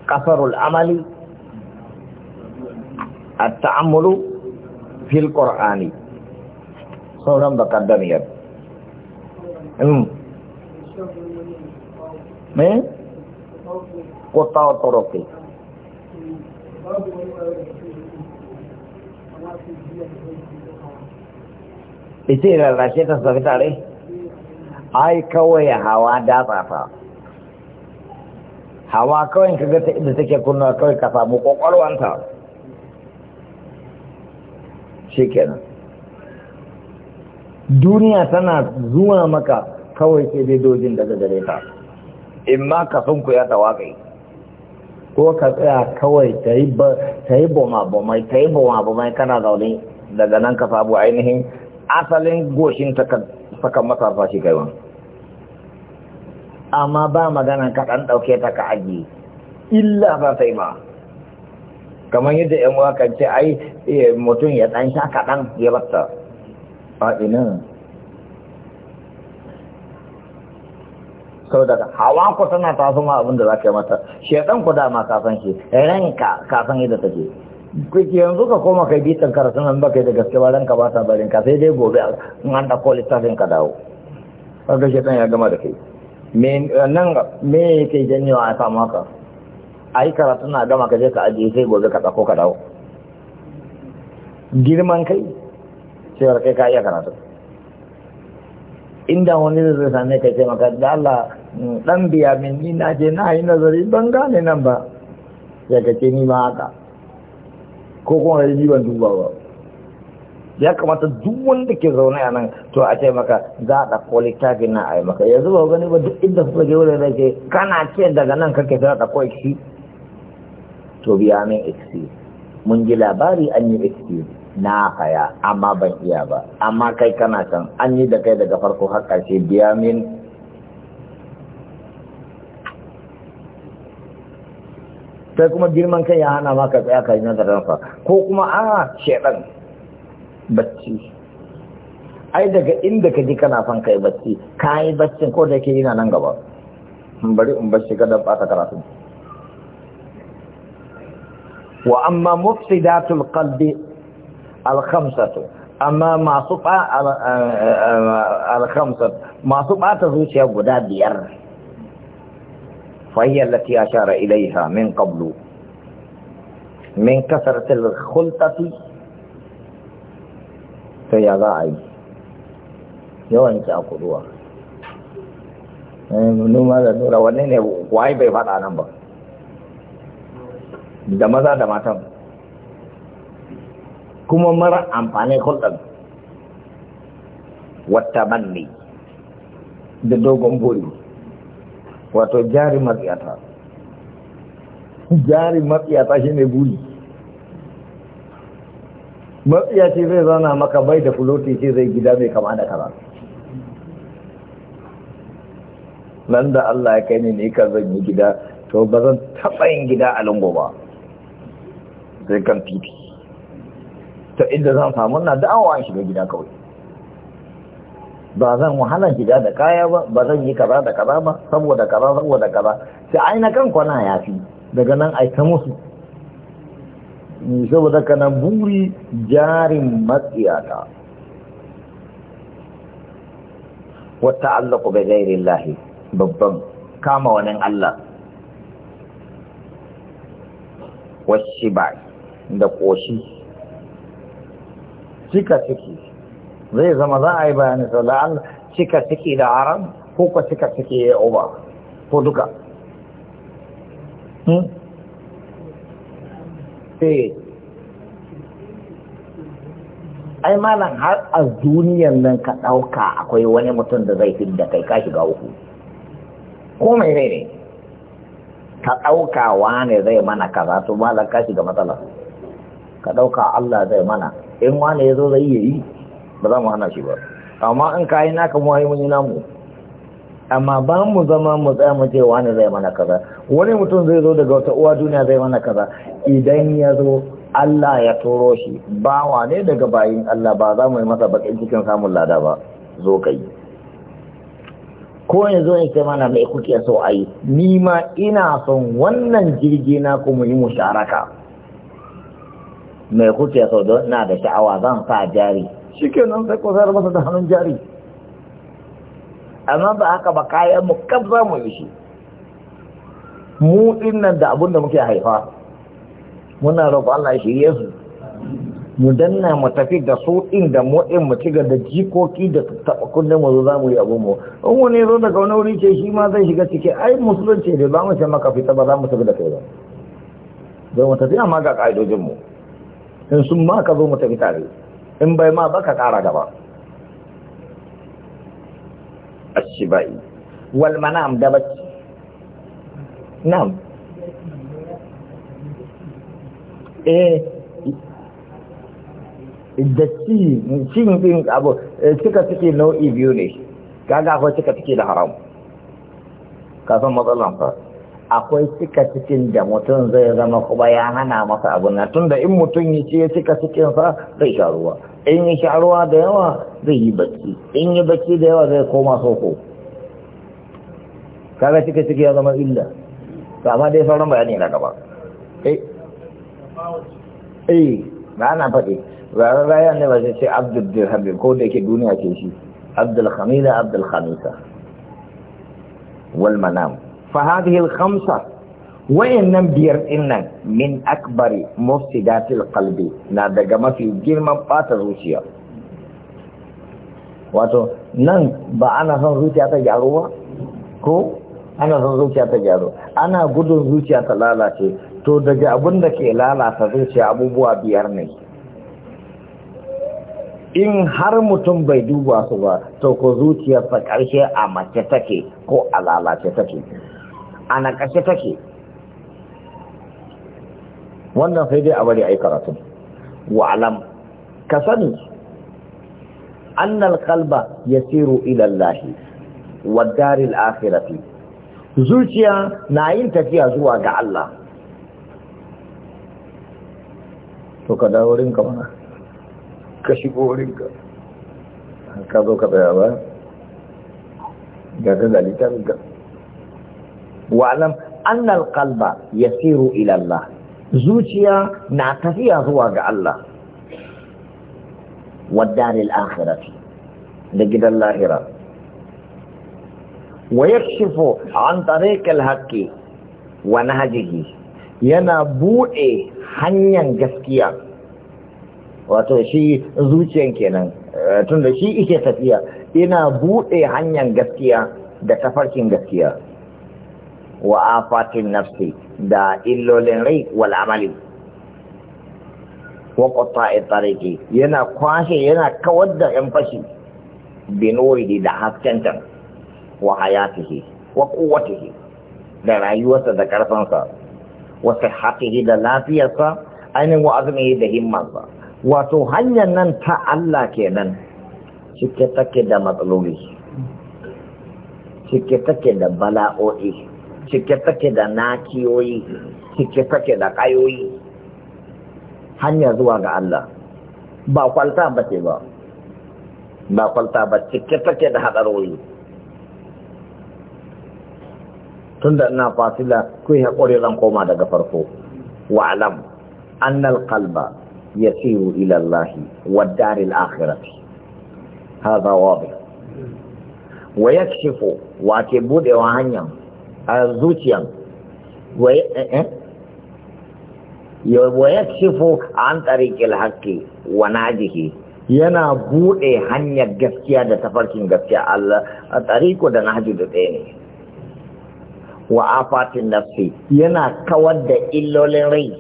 ƙasarul amali التعمل في القرآن صورا hmm. Me? من قطع الطرق ita rarrashe ta tafi tare ai kawai hawa datsa ta hawa kawai ka ga ta inda take kunna kawai ka samu kwakwalwanta shikenan duniya tana zuwa maka kawai sai dai dojin daga gare ta in ma ka sun ku ya tawagai ko ka tsaya kawai ta yi boma-bomai ta yi boma-bomai kana zaune daga nan ka sabu ainihin asalin goshin ta sakan matarsa shi gaiwan amma ba magana ka ɗan ɗauke ta ka ajiye illa za ta yi ba kamar yadda yan kan ce ai eh, mutum ya ɗan sha kaɗan ya batta a ina sau daga hawa ku tana taso ma abin da za ka yi mata shekan ku dama kafin shi ranka kafin yadda take kuke yanzu ka koma kai bitan karatun an baka da gaske ba ranka ba ta barin ka sai dai gobe an an koli littafin ka dawo kaga shekan ya gama da kai me nan me yake janyo a samu haka a yi karatu na gama ka je ka ajiye sai gobe ka tsako ka dawo girman kai sai kai ka iya karatu inda wani zai sami ka ce maka da Allah dan biya min ni na je na yi nazari ban gane nan ba ya kace ni ma haka ko kuma da ban duba ba ya kamata duk wanda ke zaune a nan to a ce maka za a ɗauko littafin na a yi maka yanzu ba gani ba duk inda suka je wurin rage kana ce daga nan kake za a ɗauko shi to biya min xp mun ji labari an yi xp na haya amma ban iya ba amma kai kana can an yi da kai daga farko har ƙarshe biya min sai kuma girman kai ya hana maka tsaya ka yi nazarin fa ko kuma a shedan bacci ai daga inda ka ji kana son kai bacci ka yi baccin ko da yake yana nan gaba bari in bar shi ka bata karatu وأما مفسدات القلب الخمسة أما ما صفعة آه، آه، الخمسة ما صفعة تزوشها قدى ديار فهي التي أشار إليها من قبل من كثرة الخلطة فيا ضاعي يوان تأكلوها نو ماذا نورا ونين وعيبا يفعل عنا بك da maza da matan kuma mara amfani hulɗar wata manne da dogon buri wato jari matsiyata jari matsiyata shi ne buri matsiyaci zai zana maka bai da fuloti ce zai gida mai kama da kara nan da Allah ya kai ni ne kan zan yi gida to ba zan taɓa yin gida a lungu ba sai kan titi ta inda zan samu na da'awa an shiga gida kawai ba zan wahalar gida da kaya ba ba zan yi kaza da kaza ba saboda kaza saboda kaza sai aina kan kwana ya fi daga nan aita musu saboda na buri jarin matsiyata wata Allah, ku bai gairin lahi babban kama wani allah wasu shi da ƙoshi cika ciki zai zama za a yi bayanin sau da an cika ciki da haram ko ka cika ciki ya uba ko duka hmm? eh. ai malam har a duniyan nan ka ɗauka akwai wani mutum da zai fi da kai ka shiga uku ko mai ne ka ɗauka wane zai mana kaza to malam ka shiga matsala ka ɗauka Allah zai mana in wani ya zo zai yi ba za mu hana shi ba amma in ka yi naka mu hayi mun yi namu amma ba mu zama mu tsaya mu ce wani zai mana kaza wani mutum zai zo daga wata uwa duniya zai mana kaza idan ya zo Allah ya turo shi ba wane daga bayin Allah ba za mu yi masa bakin cikin samun lada ba zo kai ko ya zo ya ce mana mai kuke so a yi ni ma ina son wannan jirgi na kuma yi musharaka mai kuke sau don na da sha'awa zan sa jari shi ke nan sai kusa masa da hannun jari amma ba haka ba kayan mu kaf za mu yi shi mu din nan da abun da muke haifa muna roƙo Allah ya shirye su mu danna mu tafi da su din da mu din mu ciga da jikoki da taɓa kundin mu za mu yi abun mu in wani zo daga wani wuri ce shi ma zai shiga ciki ai musulunci da ba mu ce maka fita ba za mu tafi da kai ba zai mu tafi amma ga ƙa'idojin mu in sun ma ka zo mu tafi tare in bai ma baka kara gaba ashibai wal manam da bacci na'am eh da ci cin din abu eh, cika suke nau'i biyu ne gaga akwai cika suke da haram ka san matsalan fara akwai cika cikin da mutum zai zama kuma ya hana masa na tun tunda in mutum ya ce ya cika cikinsa zai sha ruwa in ya sha ruwa da yawa zai yi bacci in yi bacci da yawa zai koma soko kaga cika ciki ya zama illa to amma dai sauran bayani na gaba eh eh ba na faɗi zarar raya ne ba zai ce abdul dirham ko da yake duniya ce shi abdul khamila abdul khamisa wal manam فهذه الخمسة وإنم بير إنن من أكبر مفسدات القلب نادق ما في جرم بات روسيا واتو نن بأنا صن كو ana son zuciya ta gyaru ana gudun zuciya ta lalace to daga abun da ke lalata zuciya abubuwa biyar ne in har mutum bai duba su ba to ko zuciyarsa ƙarshe a mace take ko a lalace take a naƙashe take wannan sai dai a bari a yi karatu wa'alam ka sani annal kalba ya siru ilallahi wadaril akhirati zuciya na yin tafiya zuwa ga Allah to ka dawo rinka mana ka shigo rinka ka zo ka tsaya ba ga ga zalita ga wa'alam annal qalba yasiru ila Allah zuciya na tafiya zuwa ga Allah wadaril akhirati da gidan lahira wa yakshifu an tariqil haƙƙi wa nahjihi yana buɗe hanyar gaskiya wato shi zuciyan kenan eh, tunda shi ike tafiya ina buɗe hanyar gaskiya da tafarkin gaskiya wa afatin nafsi da illolin rai wal amali wa qata tariqi yana kwashe yana kawar da yan fashi nuri da haskenta wa hayatihi wa quwwatihi da rayuwarsa da karfansa wa sihhatihi da lafiyarsa ainihin wa azmihi da himmansa wato hanyar nan ta Allah kenan cike take da matsaloli cike take da bala'o'i cike take da nakiyoyi cike take da kayoyi hanya zuwa ga Allah ba kwalta ba ce ba ba kwalta ba cike take da hadarori tunda ina fasila ku yi haƙuri zan koma daga farko wa alam annal qalba yasiru ila Allah wa daril akhirati hadha wadih wa yakshifu wa ke budewa hanyar a zuciya eh, eh? wa yakshifu an tsarikil haƙƙi wa najihi yana bude hanyar gaskiya da tafarkin gaskiya Allah a tsariko da nahji da tsaye ne wa afatin nafsi yana kawar da illolin rai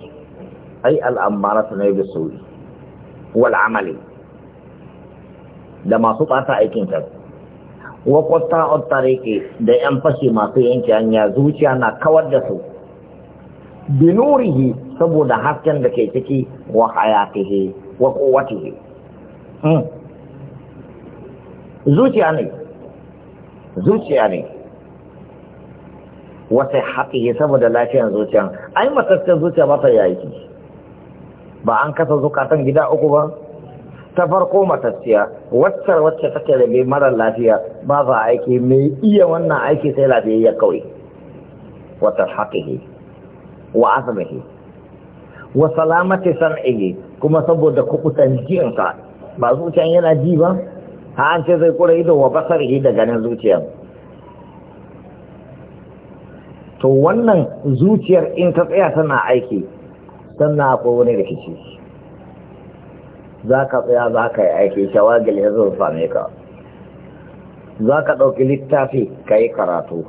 ai al'amara su ne da wal amali da masu ɓata aikin kansu wa qata at da yan fashi masu yanke hanya zuciya na kawar da su binurihi saboda hasken da ke ciki wa hayatihi wa kowatihi zuciya hmm. ne zuciya ne wata haƙiƙi saboda lafiyar zuciya ai matattar zuciya ba ta yaki ba an kasa zukatan gida uku ba ta farko matacciya waccar wacce take da bai mara lafiya ba za a aiki mai iya wannan aiki sai lafiyayya kawai wata haƙihi wa azmihi wa salamati san'ihi kuma saboda kukutan jiyanka ba zuciyan yana ji ba ha an ce zai kura ido wa yi da ganin zuciyan to wannan zuciyar in ta tsaya tana aiki sannan akwai wani rikici za ka tsaya za ka yi aiki shawagil ya zo same ka za ka ɗauki littafi ka yi karatu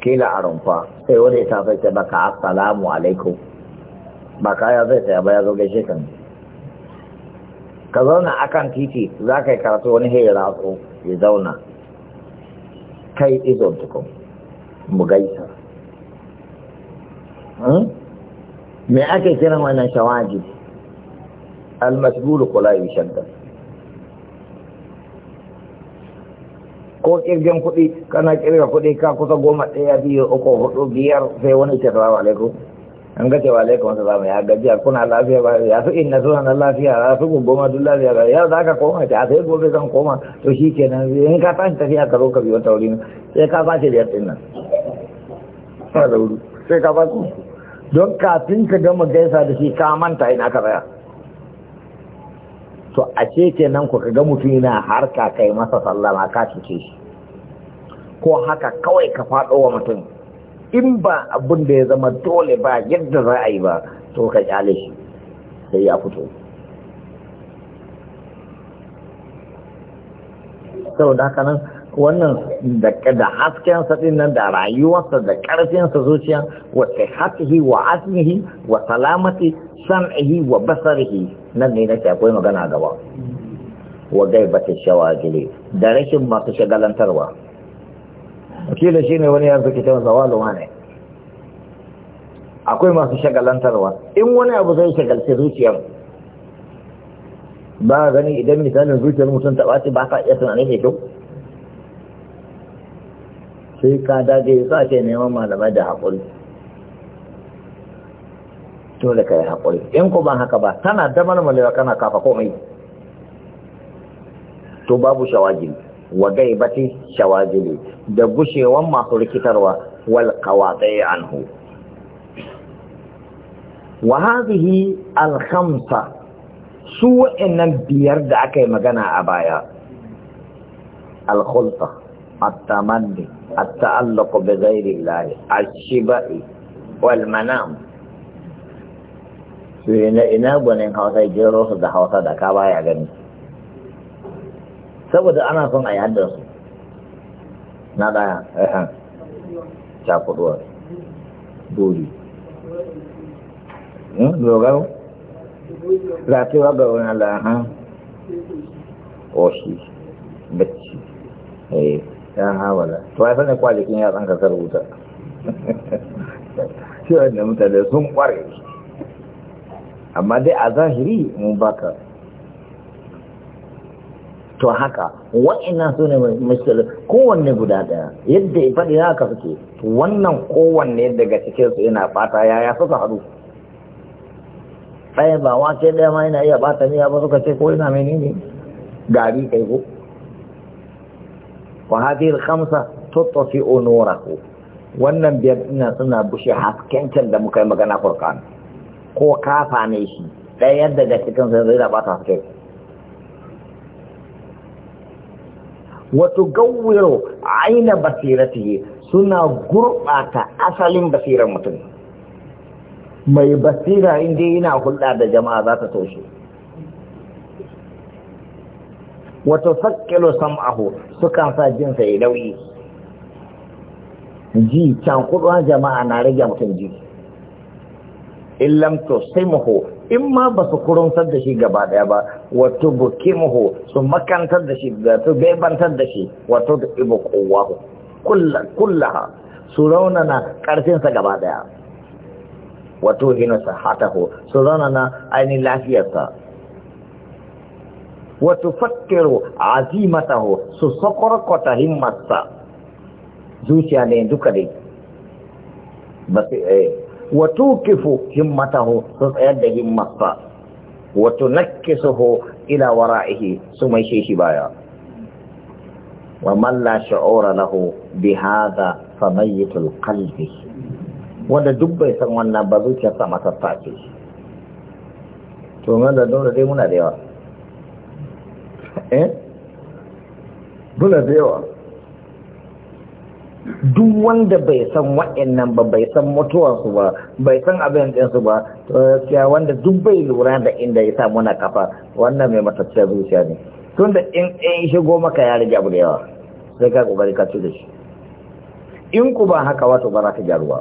kila a rumfa sai wani ta fai baka assalamu alaikum ba ya zai saya ba ya zo gaishe kan ka zauna akan titi za ka yi karatu wani hei ratsu ya zauna kai izon tukun mu gaisa hmm? me ake kiran wannan shawagi المسجول mashghul ko ko kirgin kuɗi kana kirga kuɗi ka kusa goma ɗaya biyu uku hudu biyar sai wani ce salamu alaikum an ga cewa wata zama ya gajiya kuna lafiya ba ya su inna suna na lafiya ya su goma duk lafiya ba ya za ka koma ta a sai gobe zan koma to shi kenan in ka tashi tafiya ka zo ka biyo ta wuri sai ka ba ce biyar ɗin nan sai ka ba ku don kafin ka gama gaisa da shi ka manta ina ka tsaya to a ce kenan ku ga mutum yana harka kai masa sallama ka cuce shi ko haka kawai ka faɗo wa mutum in ba abin da ya zama dole ba yadda za a yi ba to ka kyale shi sai ya fito da haka nan wannan da haskensa din nan da rayuwarsa da ƙarfinsa zuciya wa sihatihi wa asmihi wa salamati sam'ihi wa basarihi nan ne nake akwai magana gaba wa gaibata shawagili da rashin masu shagalantarwa kila ne wani yanzu kitan cewa zawalu ne akwai masu shagalantarwa in wani abu zai shagalci zuciyar ba gani idan misalin zuciyar mutum ta ɓaci ba ka iya tunani mai kyau sai ka dage ya sa neman malamai da haƙuri dole ka yi haƙuri in ku ban haka ba tana damar malewa kana kafa komai to babu shawagili wa bati shawagili da gushewan masu rikitarwa wal qawatai anhu wa hadhihi al khamsa su wa'annan biyar da aka yi magana a baya al khulfa at tamanni التعلق بغير الله الشبع والمنام ina ina gwanin hausa jero da hausa da ka baya gani saboda ana son a yi su na daya ehan cakuduwa dori dogaro rafewa ga wani alaha ya hawala to ai sanin kwalikin ya tsanka ka rubuta shi mutane sun kware amma dai a zahiri mun baka to haka wa'annan su ne misali kowanne guda daya yadda ya faɗi haka suke wannan kowanne daga cikin su yana fata ya suka haɗu ɗaya ba wace ɗaya ma yana iya bata ya ba suka ce ko yana menene gari kai ko wa hadhihi al-khamsa tutfi'u wannan biyar ina suna bushe haskencan da muka yi magana furkan ko kafa ne shi ɗaya da cikin sai zai da ba ta haske wato gawiro aina basirati suna gurɓata asalin basirar mutum mai basira inda yana hulɗa da jama'a za ta toshe wata sam aho sukan sa jinsa ya dauyi ji cankudwa jama'a na rage mutum ji illam muho, in ma ba su kuruntar da shi gaba daya ba wato muho, su makantar da shi su bebantar da shi wato da ibu kowahu kullaha su raunana karfinsa gaba daya wato hinusa hatahu su raunana ainihin lafiyarsa wa tufakkiru azimatahu su sakwarkwata himmatsa zuciya ne duka dai ba su eh, wa tukifu himmatahu su tsayar da himmarsa wa tunakkisuhu ila wara'ihi su mai shi baya wa malla sha'ura lahu bi hadha fa mayyitul qalbi wanda duk bai san wannan ba zuciyarsa masa ce to da dole dai muna da yawa eh da yawa duk wanda bai san wa'annan ba bai san mutuwarsu ba bai san abin ɗinsu ba to gaskiya wanda duk bai lura da inda ya samu na kafa wannan mai matacciyar zuciya ne tun da in in shigo maka ya rage abu da yawa sai ka kokari ka ci da shi in ku ba haka wato ba za ka gyaru ba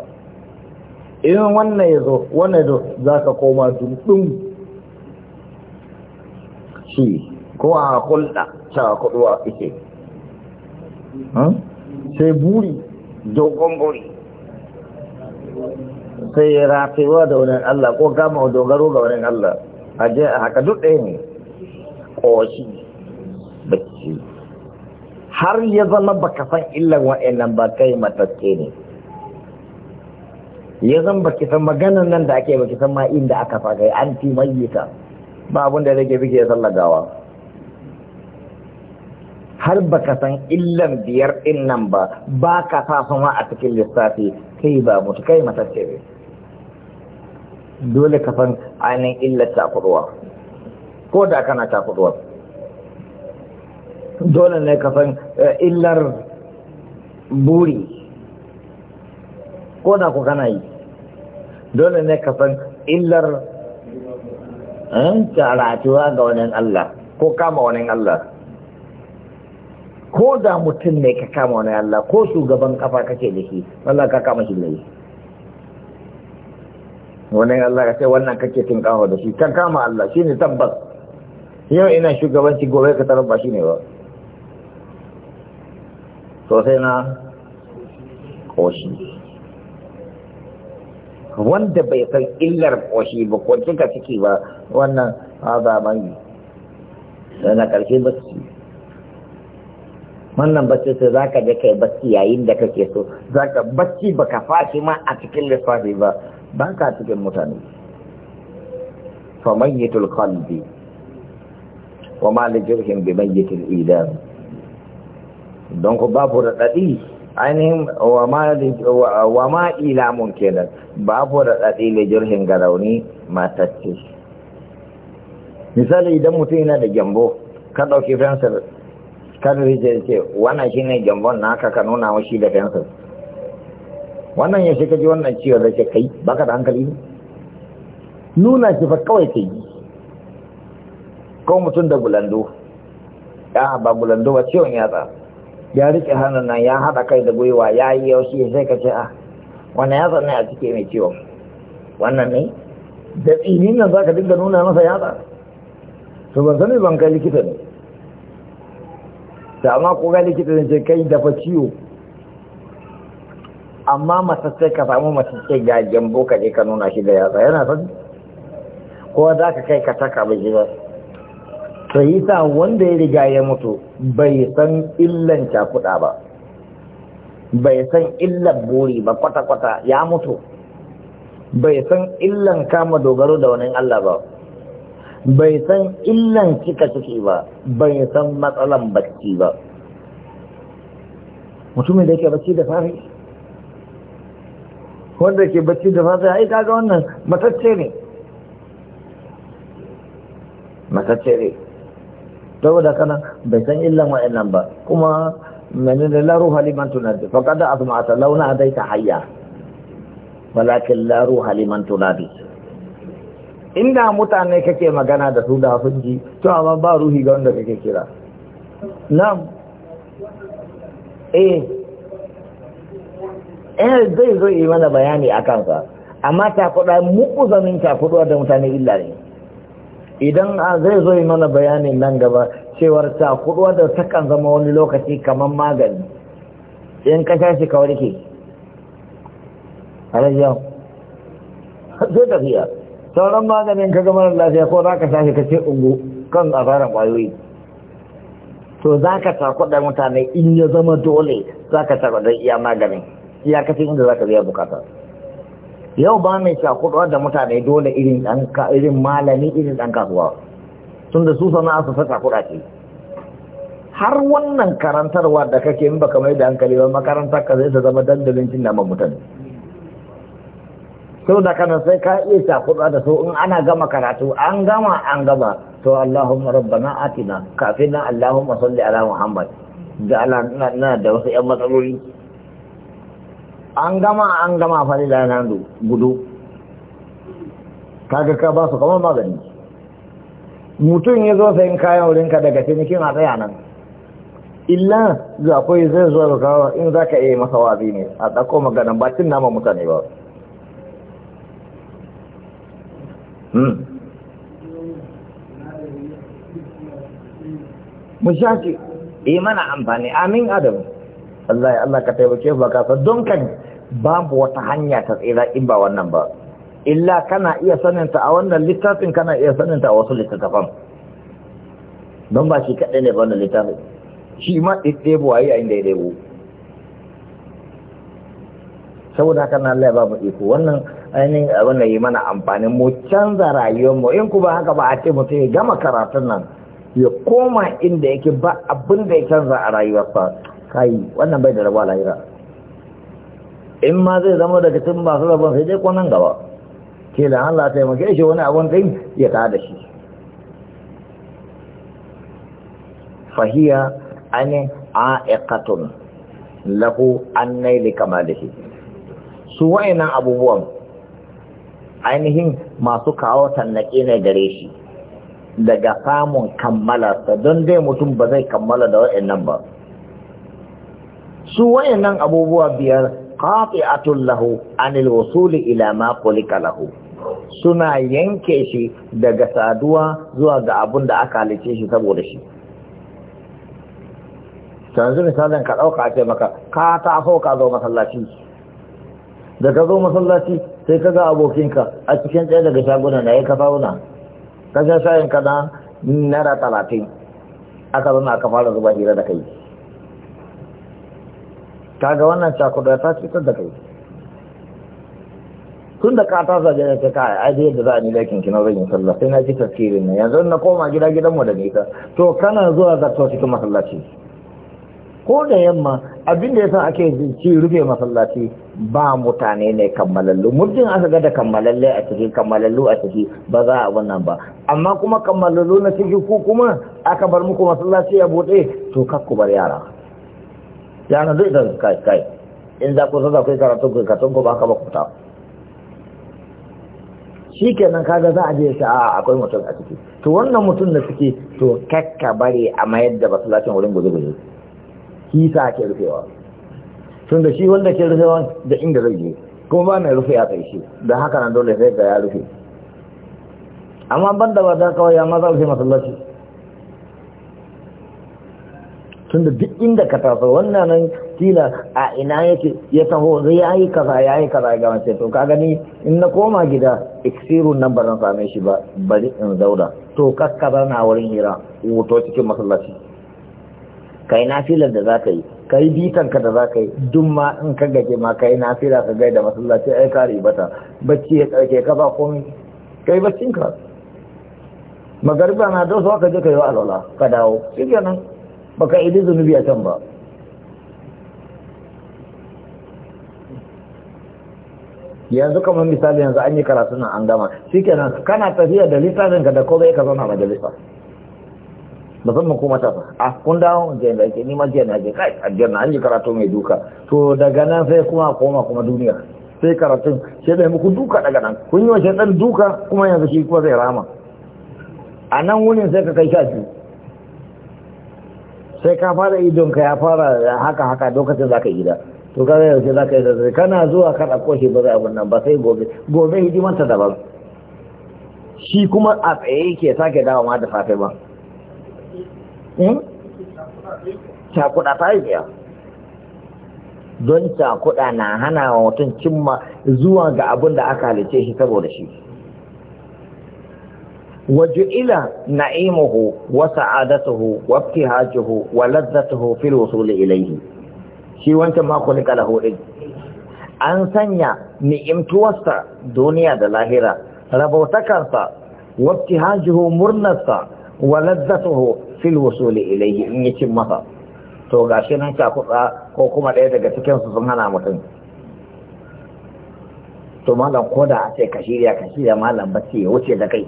in wannan ya zo wannan ya zo za ka koma dundun shi ko a hulɗa sha kuɗuwa ike sai buri dogon buri sai ya rafewa da wani Allah ko gama dogaro ga wani Allah a je a haka duk ɗaya ne ƙoshi bacci har ya zama baka san illan wa'annan ba kai matakke ne ya zan baki san maganan nan da ake baki san ma inda aka fagai an fi mayyita ba abin da rage bige ya sallagawa har ka san illan biyar din nan ba ba ka sa su ma a cikin lissafi kai ba mutu kai matacce ne dole ka san ainihin illar takuruwa ko da kana takuruwa dole ne ka san eh, illar buri ko da ku kana yi dole ne ka san illar eh, ratuwa ga wani Allah ko kama wani Allah ko da mutum ne ka kama wani Allah ko shugaban kafa kake da shi Allah ka kama shi lai wani Allah ka ce wannan kake tun kawo da shi ka kama Allah shi ne tabbas yau ina shugabanci gobe ka tarar ba shi ne ba sosai na ƙoshi wanda bai san illar ƙoshi ba ko ka ciki ba wannan azaman yi da na ƙarshe ba su wannan bacci sai za ka je kai bacci yayin da kake so za ka bacci ba ka fashi ma a cikin lissafi ba ba ka cikin mutane mayyitul qalbi wa ma li jirhin bi mayyitil idan don ku babu radadi ainihin wa ma wa ma ila kenan babu radadi li jirhin garauni matacce misali idan mutum yana da gyambo ka dauki fensir kan rije ce wannan shi ne jambon na aka ka nuna wa shi da fensir wannan ya shi kaji wannan ciwo zai ce kai baka da hankali ne nuna shi fa kawai ta yi ko mutum da bulando ya ba bulando ba ciwon yatsa ya rike hannun nan ya haɗa kai da gwiwa ya yi yaushe sai ka ce ah wannan yatsa ne a cike mai ciwon wannan ne da tsinin nan za ka dinga nuna masa yatsa to ban sani ban kai likita ne ta amma ko ga likita zan ce kai dafa ciwo amma masassai ka samu masassai ga jambo ka je ka nuna shi da yatsa yana san ko za ka kai ka taka bai shi ba to yi sa wanda ya riga ya mutu bai san illan cakuɗa ba bai san illan buri ba kwata-kwata ya mutu bai san illan kama dogaro da wani Allah ba bai san illan cika ciki ba bai san matsalan bacci ba mutumin da yake bacci da fari wanda ke bacci da fari ai kaga wannan matacce ne matacce ne saboda kana bai san illan wa'annan ba kuma من لا tunadi fa kada azma ta launa ناديت حيا ولكن لا روح لمن tunadi inda mutane kake magana da su da hafin ji to amma ba ruhi ga wanda kake kira nan eh eh zai zo yi mana bayani a kansa amma zanen ta takuɗuwa da mutane illa ne idan ah, zai zo yi mana bayani nan gaba cewar takuɗuwa da takan zama wani lokaci kamar magani in ka sha shi ka warke rajiyar zai tafiya sauran maganin ka gama lafiya ko za ka tafi ka ce ungu kan asarar ƙwayoyi to za ka takwada mutane in ya zama dole za ka takwada iya maganin kafin inda za ka biya bukata yau ba mai takwada da mutane dole irin malami irin ɗan kasuwa tun da su sana'a su fata ce. har wannan karantarwa da kake in baka mai da hankali ba makarantar ka zai ta zama dandalin cin naman mutane sau da kana sai ka iya shakuɗa da su in ana gama karatu an gama an gama to Allahumma rabbana atina kafin nan Allahumma salli ala Muhammad da ala na da wasu ƴan matsaloli an gama an gama fari da nan gudu kaga ka ba su kamar magani mutum ya zo sayin kayan ka daga cinikin a tsaya nan illa ga akwai zai zuwa da kawo in za ka iya masa wazi ne a tsakko maganan ba cin nama mutane ba Hmm. Mushaki, sha e, mana amfani amin adam Allah ya Allah ka taimake ba ka sa don kan babu wata hanya ta tsira in ba wannan ba illa kana iya saninta a wannan littafin kana iya saninta a wasu littattafan don ba shi kaɗai ne ba wannan littafin shi ma ɗaiɗaibu a yi a inda ya ɗebo. saboda haka na Allah ya ba mu iko wannan ainihin abin da yi mana amfani mu canza rayuwar mu in ku ba haka ba a ce mutum ya gama karatun nan ya koma inda yake ba abin da ya canza a rayuwarsa kai wannan bai da rabuwa lahira in ma zai zama daga tun masu rabon sai dai kwanan gaba ke da Allah taimake shi wani abin din ya ta da shi fahiya ane a'iqatun lahu an da kamalihi su nan abubuwan ainihin masu kawo tannake ne gare shi daga samun kammala don dai mutum ba zai kammala da waɗannan ba su nan abubuwa biyar qati'atul lahu anil wasuli ila ma kulika lahu suna yanke shi daga saduwa zuwa ga abun da aka halice shi saboda shi yanzu misalin ka ɗauka a ce maka ka taso ka zo masallaci da ka zo masallaci sai ka ga abokinka a cikin ɗaya daga shaguna na ya ka fauna ka sha shayin ka na naira talatin aka zama aka fara zuba hira da kai ka ga wannan cakuɗa ta cutar da kai tun da ka zaje gida ta kai ai da za a nila lakin kina zan yi sallah sai na ji tafsirin na, yanzu na koma gida gidan mu da ni to kana zuwa to cikin masallaci ko da yamma abin da yasa ake ci rufe masallaci ba mutane ne kammalallu muddin aka ga da kammalalle a ciki kammalallu a ciki ba za a wannan ba amma kuma kammalallu na ciki ku kuma aka bar muku masallaci ya bude to kakku bar yara yana duk da kai kai in za ku zaza kai karatu ku katun ku ba ka ba ku ta shikenan kaga za a je sa a akwai mutum a ciki to wannan mutum da suke to kakka bari a mayar da masallacin wurin guje-guje sa ke rufewa tun da shi wanda ke rufe da inda zai je kuma ba mai rufe a kai shi da haka nan dole sai ga ya rufe amma ban da ba kawai amma za rufe masallaci tun da duk inda ka taso wannan nan kila a ina yake ya taho zai ya yi kaza ya yi kaza ga mace to ka gani in na koma gida iksirun nan ba zan same shi ba bari in zauna to kakkara na wurin hira wuto cikin masallaci ka yi nafilar da za ka yi ka yi ka da za ka yi duk ma in ka gaje ma ka yi nafila ka gaida masallaci ai ka ribata bacci ya tsarke ka ba komai ka yi ka. magariba na zuwa ka je ka yi wa alwala ka dawo shi kenan baka idi zunubi a can ba yanzu kamar misali yanzu an yi karatu nan an gama shi kenan kana tafiya da littafin ka da komai ka zama majalisa mako kuma ta a kun dawo in je da ke nima ma je na je kai aljanna na yi karatu mai duka to daga nan sai kuma koma kuma duniya sai karatun sai da muku duka daga nan kun yi wace dan duka kuma yanzu shi kuma zai rama a nan wurin sai ka kai sha biyu sai ka fara idon ka ya fara haka haka lokacin za ka yi da to ka zai yanzu za ka yi da kana zuwa ka ɗauko shi ba zai abin nan ba sai gobe gobe hidimanta daban shi kuma a tsaye ke sake dawo ma da safe ba Hmm? yi biya. don cakuɗa na hana wa mutum cimma zuwa ga abin da aka halice shi saboda shi waju ila na'imuhu wa sa'adatuhu wa ibtihajuhu wa ladzatuhu fil wusuli shi wancan ma kala lahu an sanya ni'imtuwarsa duniya da lahira rabautakarsa wa ibtihajuhu murnarsa wa ladzatuhu fil wasuli ilayhi in yi cin masa to gashi nan cakuɗa ko kuma ɗaya daga cikin su sun hana mutum to malam ko da a ce ka shirya ka shirya malam bacci ya wuce da kai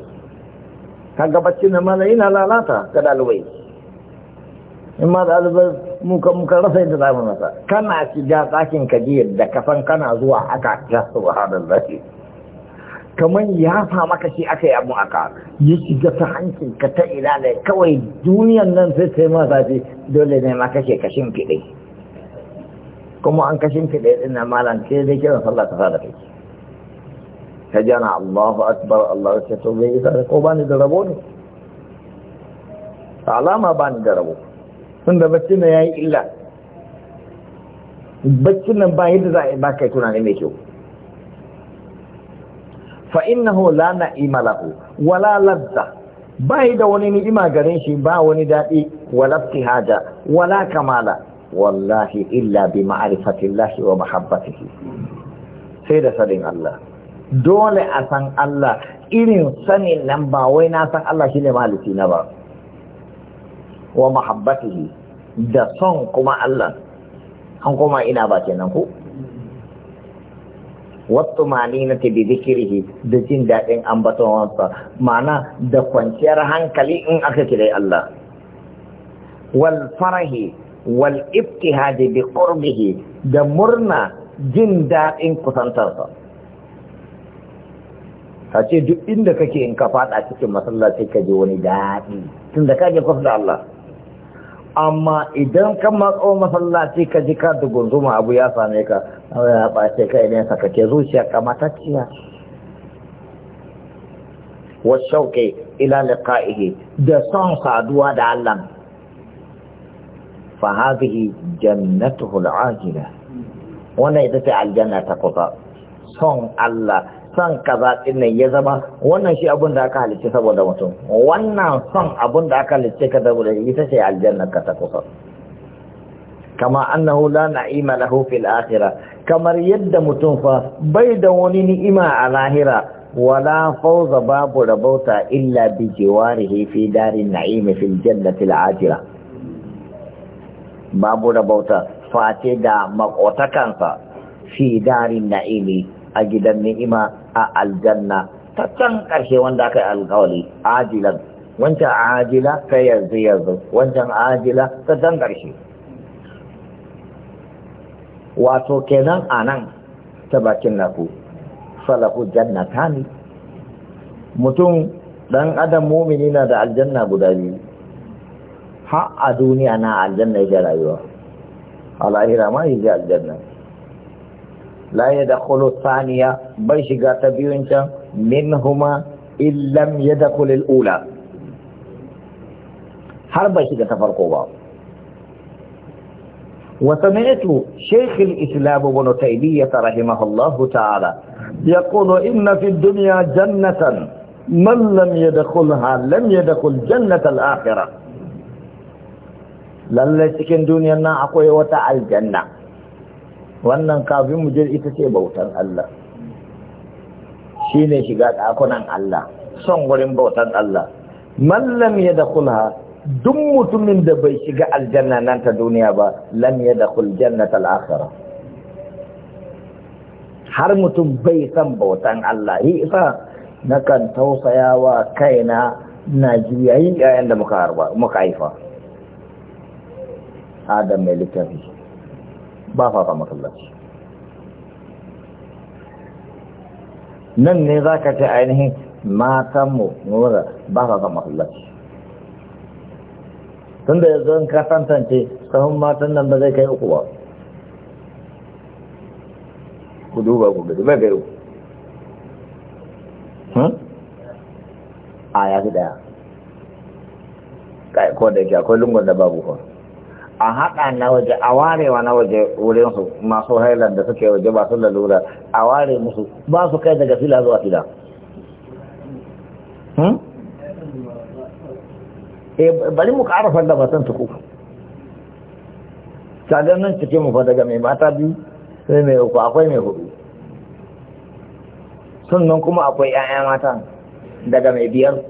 kaga bacci na malam yana lalata ga ɗalibai in ma ɗalibai muka ka rasa yadda za mu masa kana shiga ɗakin ka da yadda kafan kana zuwa aka ta subhanallahi kamar ya fa maka shi aka yi abu aka ya shiga ta hancin ka ta ina ne kawai duniyan nan sai ta yi ma zafi dole ne ma kashe kashin fiɗe kuma an kashin fiɗe ɗin na malam sai dai kiran sallah ta fara kai ka jana Allahu akbar Allah ya to bai isa ko bani da rabo ne alama bani da rabo tunda bacci na yayi illa baccin nan ba yadda za a yi ba kai tunani mai kyau fa innahu la na'ima lahu wala ladda bai da wani ni'ima garin shi ba wani dadi wala ibtihaja wala kamala wallahi illa bi ma'rifatillahi wa mahabbatihi sai da sanin Allah dole a san Allah irin sanin nan ba wai na san Allah shine mahalici na ba wa mahabbatihi da son kuma Allah an kuma ina ba kenan ko wato mani na ta kirihi da jin daɗin ambatonsa mana da kwanciyar hankali in aka ci dai Allah wal farahi wal ibtihadi bi qurbihi da murna jin daɗin kusantarsa ka ce duk inda kake in ka faɗa cikin masallaci ka wani daɗi tun da ka da Allah amma idan ka matso masallaci ka ji ka dugunzuma abu ya same ka ya ɓace kai ne sakake zuciya ciya. wasu wasauke ilali ka'ihe da son saduwa da Allah fa jannatu jannatuhu al'ajila wannan ita ce aljanna ta kusa son Allah son kaza din nan ya zama wannan shi abun da aka halicce saboda mutum wannan son abun da aka halicce ka saboda ita ce aljanna ka ta kusa kama annahu la na'ima lahu fil akhirah kamar yadda mutum fa bai da wani ni'ima a lahira wala fawza babu rabauta illa bi jiwarihi fi darin na'im fil jannati al ajira babu rabauta face da makotakansa fi darin na'imi a gidan ni'ima a aljanna ta can karshe wanda aka yi alƙawari ajilan wancan ajila ta yanzu yanzu wancan ajila ta can ƙarshe wato kenan a nan ta bakin naku falahu jannatani mutum dan adam mumini na da aljanna guda biyu ha a duniya na aljanna yake rayuwa a lahira ma yake aljanna la ya da saniya bai shiga ta biyun can min huma illam ya da ula har bai shiga ta farko ba وسمعت شيخ الإسلام بن تيمية رحمه الله تعالى يقول إن في الدنيا جنة من لم يدخلها لم يدخل جنة الآخرة lallai cikin duniyar nan akwai wata aljanna wannan kafin mu je ita ce bautan Allah shi ne shiga ɗakunan Allah son wurin bautan Allah mallam ya da kulha duk mutumin da bai shiga aljanna nan ta duniya ba lam da jannata al-akhirah har mutum bai san bautan Allah yi isa nakan tausayawa kaina na juyayin yayin da muka harba muka haifa adam mai littafi ba fafa masallaci nan ne za ka ce ainihin matanmu ba fafa masallaci tun da yanzu in ka tantance sahun matan nan ba zai kai uku ba ku duba ku gari bai gari hmm? a ya fi daya ko da yake akwai lungun da babu kwa a haɗa na waje a warewa na waje wurinsu masu hailan da suke waje ba su lalura a ware musu ba su kai daga fila zuwa fila hmm? Eh, bari mu ƙara fadda ba san tuku sadan nan cike mu fa daga mai mata biyu sai mai uku akwai mai hudu sannan kuma akwai 'ya'ya mata daga mai biyar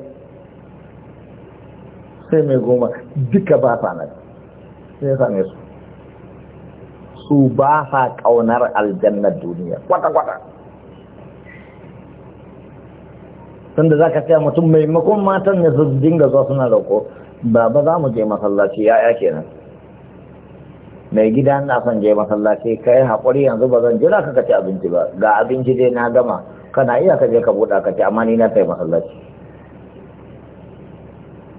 sai mai goma duka ba sa nan sai same su su ba sa ƙaunar aljannar duniya kwata-kwata tunda za ka tsaya mutum maimakon matan ne su dinga zuwa suna rauko ba ba za mu je masallaci ya'ya kenan mai gida na son je masallaci kai haƙuri yanzu ba zan jira ka kaci abinci ba ga abinci dai na gama kana iya ka je ka buɗa ka ci amma ni na kai masallaci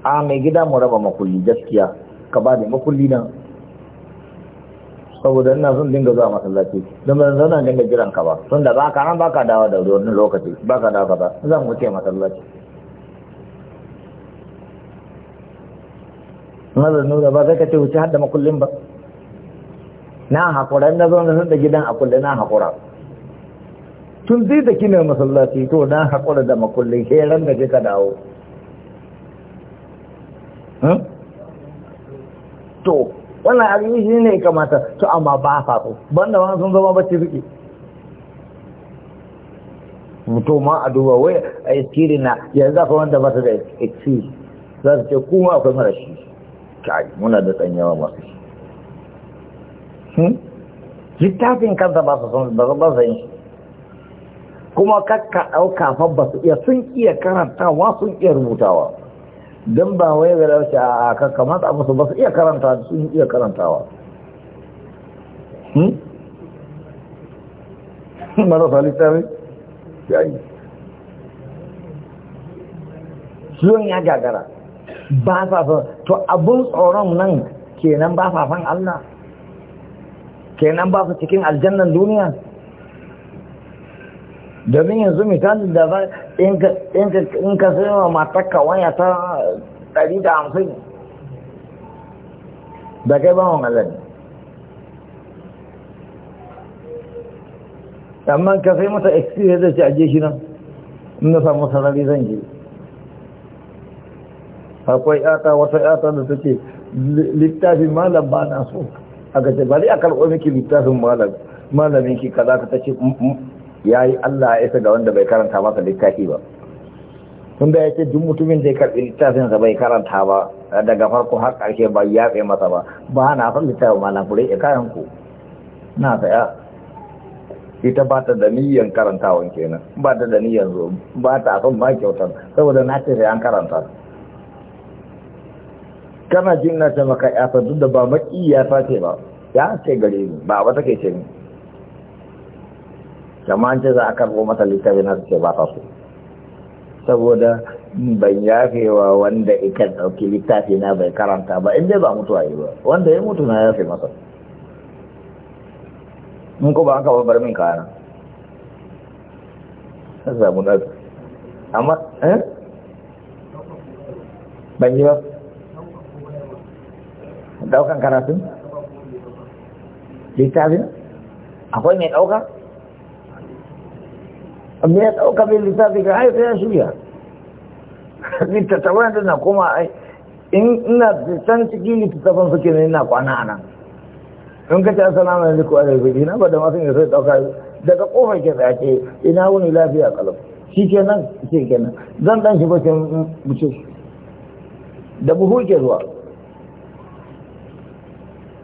a mai gida mu raba makulli gaskiya ka ba da makulli nan saboda ina son dinga zuwa masallaci don zan zauna dinga jiran ka ba tun da baka nan baka dawo da wani lokaci baka dawo ba zan wuce masallaci mazan nuna ba zai ka ce wuce har makullin ba na haƙura ina zo na da gidan a kulle na haƙura tun zai da kina masallaci to na haƙura da makullin heran da kika dawo hmm? to wannan abin shi ne kamata to amma ba sa so banda wani sun zama bacci suke mutum ma a duba wai a iskiri na yanzu zafi wanda ba su da iskiri za su ce kuma akwai mara shi kai muna da tsanyawa masu shi hmm? littafin kanta ba su son ba su yin kuma kakka ɗauka fabba su iya sun iya karantawa sun iya rubutawa don ba wai ga rauce a kakkamata musu ba su iya karanta yi iya karantawa hmm? marasa littafi ya yi sun ya gagara ba sa son to abin tsoron nan kenan ba sa son Allah kenan ba su cikin aljannan duniya domin yanzu misalin da ba in ka sai wa matakka waya ta 150 da kai ba wani alani amma ka sai mata experience da ce a shi nan inda samu sarari zan je akwai yata wata yata da suke littafin malam ba na so a gaje bari a karɓo miki littafin malamin ki kaza ka ta ce mm, mm. ya yi Allah ya isa ga wanda bai karanta masa littafi ba tun da ya ce duk mutumin da ya karɓi littafinsa bai karanta ba daga farko har ƙarshe ba ya tsaye masa ba ba na son littafi ma na kure ya kayan ku na saya ita ba ta da niyyar karantawan kenan ba ta da niyyar zo ba ta son ba kyautar saboda na ce sai an karanta kana jin na ce maka ya duk da ba maki ya sace ba ya ce gare ni ba ba ke ce ni jama'an ce za a karɓo masa littafi na suke ba su saboda ban yafewa wanda ikan ɗauki littafi na bai karanta ba inda ba a yi ba wanda ya mutu na yafe masa mun ko ba an kaba bar min kayana ta samu na amma eh ban yi ba daukan karatun littafin akwai mai dauka amma ya ɗauka mai littafi ga haifa ya shirya littattafan da na kuma in ina can ciki littattafan suke ne na kwana a nan in ka ce asalamu alaikum wa alaikum Ina ba da masu ne sai ɗauka daga kofar ke tsaye ina wuni lafiya kalau shi ke nan ce ke nan zan ɗan shi ba ce da buhu ke zuwa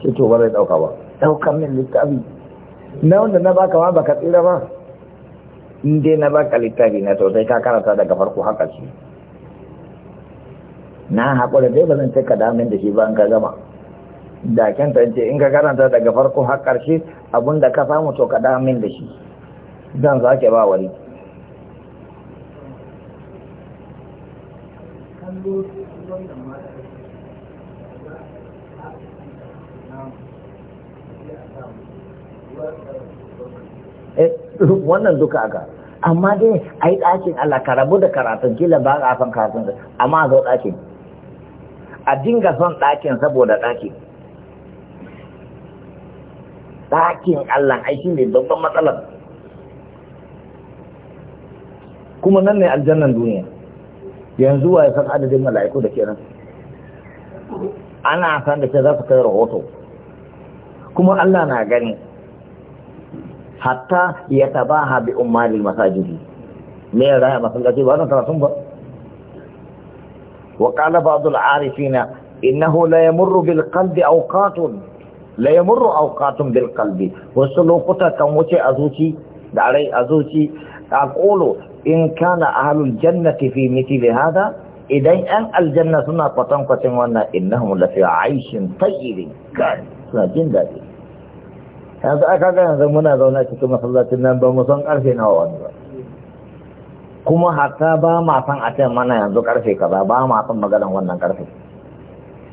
ce to ba zai ɗauka ba ɗaukar min littafi na wanda na baka ma baka tsira ba in dai na baka littafi na sosai ka karanta daga farko haka shi na haƙura dai ba zan ce ka damin da shi ba in ka gama da kyan ce in ka karanta daga farko har ƙarshe abinda da ka samu to ka damin da shi zan ke ba wani eh wannan duka aka amma dai a yi ɗakin Allah ka rabu da karatun kila ba a son karatun da amma a zo ɗakin a dinga son ɗakin saboda ɗakin ɗakin Allah aiki ne babban matsalar kuma nan ne aljannan duniya yanzu wa ya san adadin mala'iku da kenan? ana san da ke za su kai rahoto kuma Allah na gani hatta ya tabaha bi ummalil masajidi me ya raya masallaci ba zan karatun ba wa qala ba'd al arifina innahu la yamurru bil qalbi awqatun la yamurru awqatun bil qalbi wasu lokuta kan wuce a zuci da rai a zuci a aqulu in kana ahlul jannati fi miti mithli hada idan yan aljanna suna kwatankwacin wannan innahum la fi aishin tayyibin kan suna jin daɗi yanzu aka ga yanzu muna zauna cikin masallacin nan ba mu san karfe nawa wani ba kuma hatta ba ma san a can mana yanzu karfe kaza ba ma san maganan wannan karfe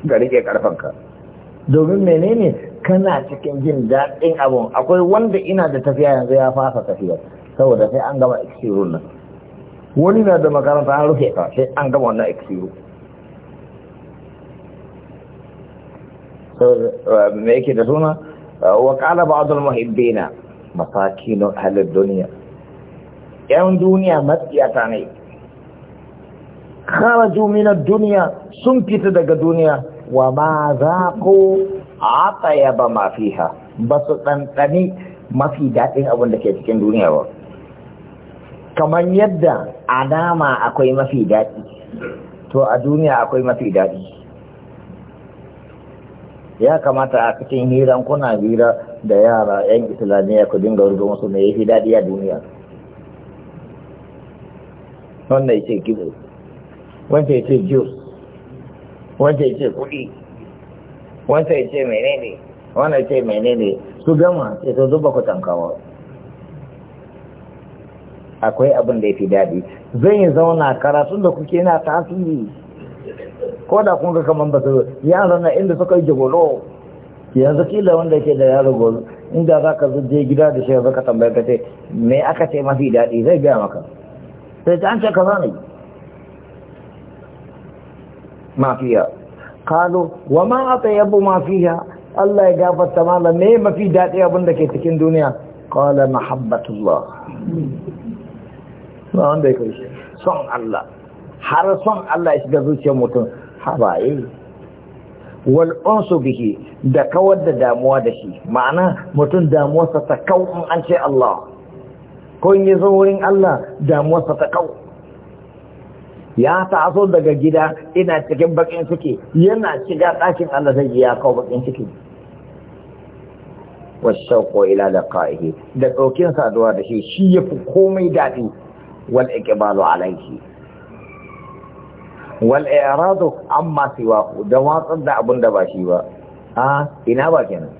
ga rike karfen ka domin menene kana cikin jin daɗin abun akwai wanda ina da tafiya yanzu ya fasa tafiya saboda sai an gama ikiru nan wani na da makaranta an rufe ka sai an gama wannan ikiru uh, me yake da suna وقال بعض المحبين مساكين halin duniya. ‘yan duniya matsiyata ne kara minar duniya sun fita daga duniya wa ma za ko a tsaya ba ha, ba su ɗanɗani mafi daɗin abin da ke cikin duniya ba kamar yadda a nama akwai mafi daɗi to a duniya akwai mafi daɗi ya kamata a cikin hiran kuna hira da yara 'yan islamiyya ku dinga rubuta musu mai yafi daɗi a duniya wannan ya ce gizo wancan ya ce jiyos wancan ya ce kuɗi wancan ya ce menene wannan ya ce menene su gama sai sun zuba ku tankawa akwai abin da ya fi daɗi zan yi zauna karatun da kuke na tasiri ko da kun ga kaman ba su yaran na inda suka yi jagoro yanzu kila wanda yake da yaro gozo inda za ka je gida da shi zaka tambaye ka ce me aka ce mafi daɗi zai gaya maka sai ta an ce ka zane mafiya kalu wa ma ata yabu mafiya Allah ya gafarta mala me mafi daɗi abin da ke cikin duniya qala mahabbatullah ba wanda ya kai son Allah har son Allah ya shiga zuciyar mutum habaye wal unsu bihi da kawar da damuwa da shi ma'ana mutum damuwarsa ta kau in an ce Allah ko in yi wurin Allah damuwarsa ta kau ya taso daga gida ina cikin bakin ciki yana shiga ɗakin Allah zai ya kawo bakin ciki wasauko ila da ka'ihi da ɗaukin saduwa da shi shi ya fi komai daɗi wal iqbalu alaihi wal i'radu amma siwa da watsar da abin da ba shi ba a ina ba kenan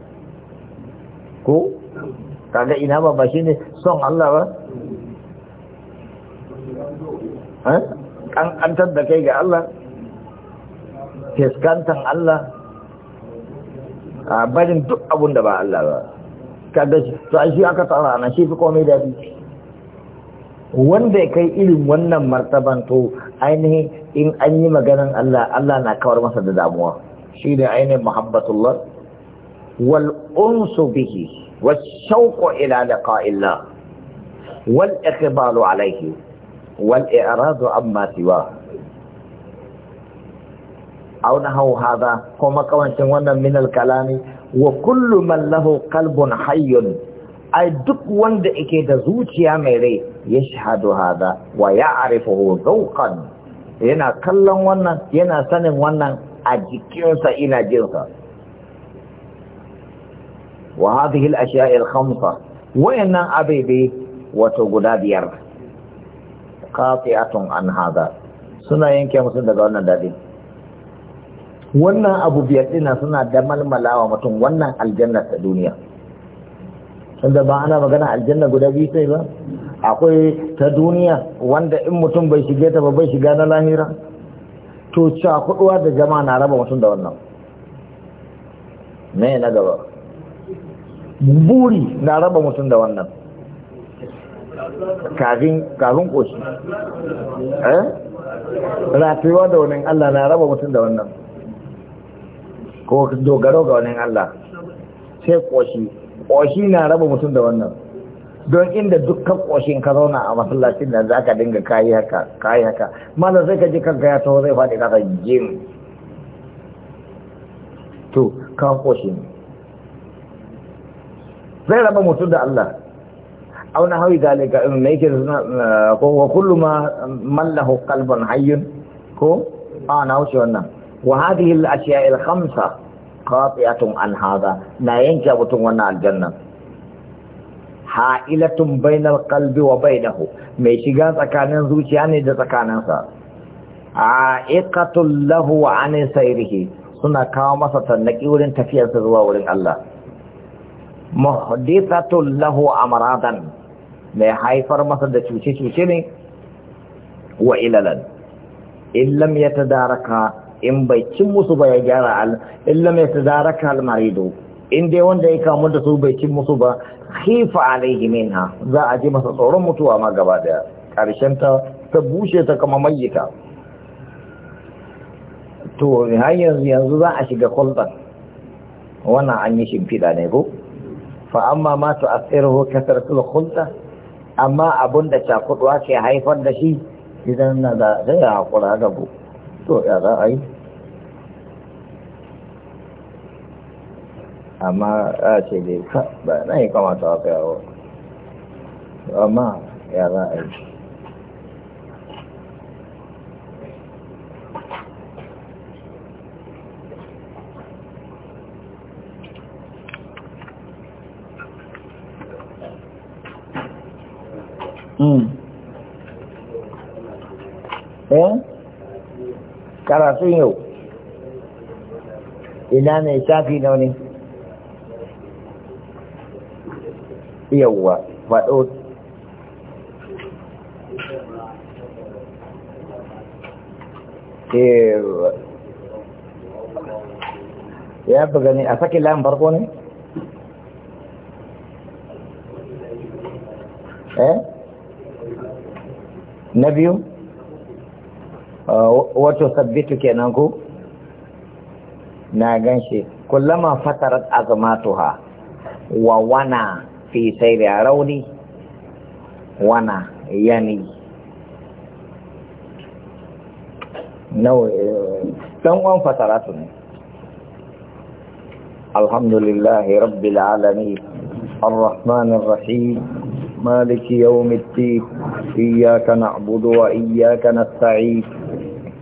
ko kaga ina ba ba shine son Allah ba ha kan kankantar da kai ga Allah fiskantar Allah a barin duk abin da ba Allah ba kaga to shi aka tsara na shi fi komai da shi wanda ya kai irin wannan martaban to ainihin in an yi Allah Allah na kawar masa da damuwa shi ne ainihin muhabbatullah wal unsu bihi Wa shauqu ila liqa'illah wal iqbalu alayhi wal i'radu amma siwa aw nahaw hadha kuma kawancin wannan min al kalami wa kullu man lahu qalbun hayyun ai duk wanda yake da zuciya mai rai ya shahadu hada wa ya arifahu zauqan yana kallon wannan yana sanin wannan a jikinsa ina jinsa wa hadhihi al-ashya'i al-khamsa wayannan abebe wato guda biyar qati'atun an hada suna yanke musu daga wannan dadi wannan abu biyar dina suna da malmalawa mutum wannan aljanna ta duniya tunda ba ana magana aljanna guda biyu sai ba akwai ta duniya wanda in mutum bai shige ta ba bai shiga na lahira to cakuduwa da jama'a na raba mutum da wannan me na gaba buri na raba mutum da wannan kafin kafin koshi eh rafewa da wani Allah na raba mutum da wannan ko dogaro ga wani Allah sai koshi ƙoshi na raba mutum da wannan don inda dukkan ƙoshin ka zauna a masallacin da za ka dinga kayi haka kayi haka mana sai ka ji kanka ya taho zai faɗi kasa jin. to ka ƙoshi ne zai raba mutum da Allah auna hawi zalika in mai yake suna eh, ko wa kullu ma mallahu qalban hayyun ko a na wuce wannan wa hadhihi al-ashiya al-khamsa qati'atun an hada na yanke mutum wannan aljanna ha'ilatun bainal qalbi wa bainahu mai shiga tsakanin zuciya ne da tsakaninsa a'iqatul lahu an sayrihi suna kawo masa tannaki wurin tafiyarsa zuwa wurin Allah muhdithatul lahu amradan mai haifar masa da cuce-cuce ne wa ilalan in lam yatadaraka in bai cin musu ba ya gyara al illa mai tazaraka al marido in dai wanda ya kamu da su bai cin musu ba khifa alaihi minha za a ji masa tsoron mutuwa ma gaba daya karshen ta ta bushe ta kama mayyita to har yanzu yanzu za a shiga kulban wannan an yi shimfiɗa ne ko fa amma ma ta asiruhu kasratul khulta amma abunda da cakuɗuwa ke haifar da shi idan na da zai hakura da ku to ya za a yi amma a ce dai ba na yi kamata a kayawa amma ya za a yi Yeah? Hmm. karatun yau ina ne shafi na wani yauwa faɗo eh, ya fi gani a sake layin farko ne? eh? na biyu? wato sabbitu kenan ku na gan shi kullama fatarat azmatuha wa wana fi sayri rauni wana yani no eh, dan wan fataratu ne alhamdulillah rabbil alamin الرحمن الرحيم مالك يوم الدين إياك نعبد وإياك نستعيد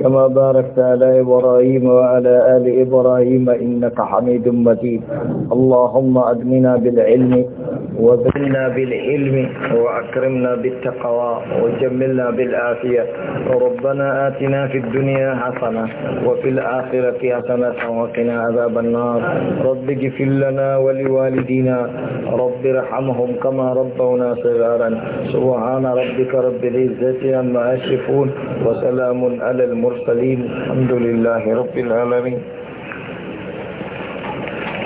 كما باركت على إبراهيم وعلى آل إبراهيم إنك حميد مجيد اللهم أدمنا بالعلم وزينا بالعلم وأكرمنا بالتقوى وجملنا بالآفية ربنا آتنا في الدنيا حسنة وفي الآخرة حسنة وقنا عذاب النار رب اغفر لنا ولوالدينا رب ارحمهم كما ربونا صغارا سبحان ربك رب العزة عما يصفون وسلام على المرسلين المرسلين الحمد لله رب العالمين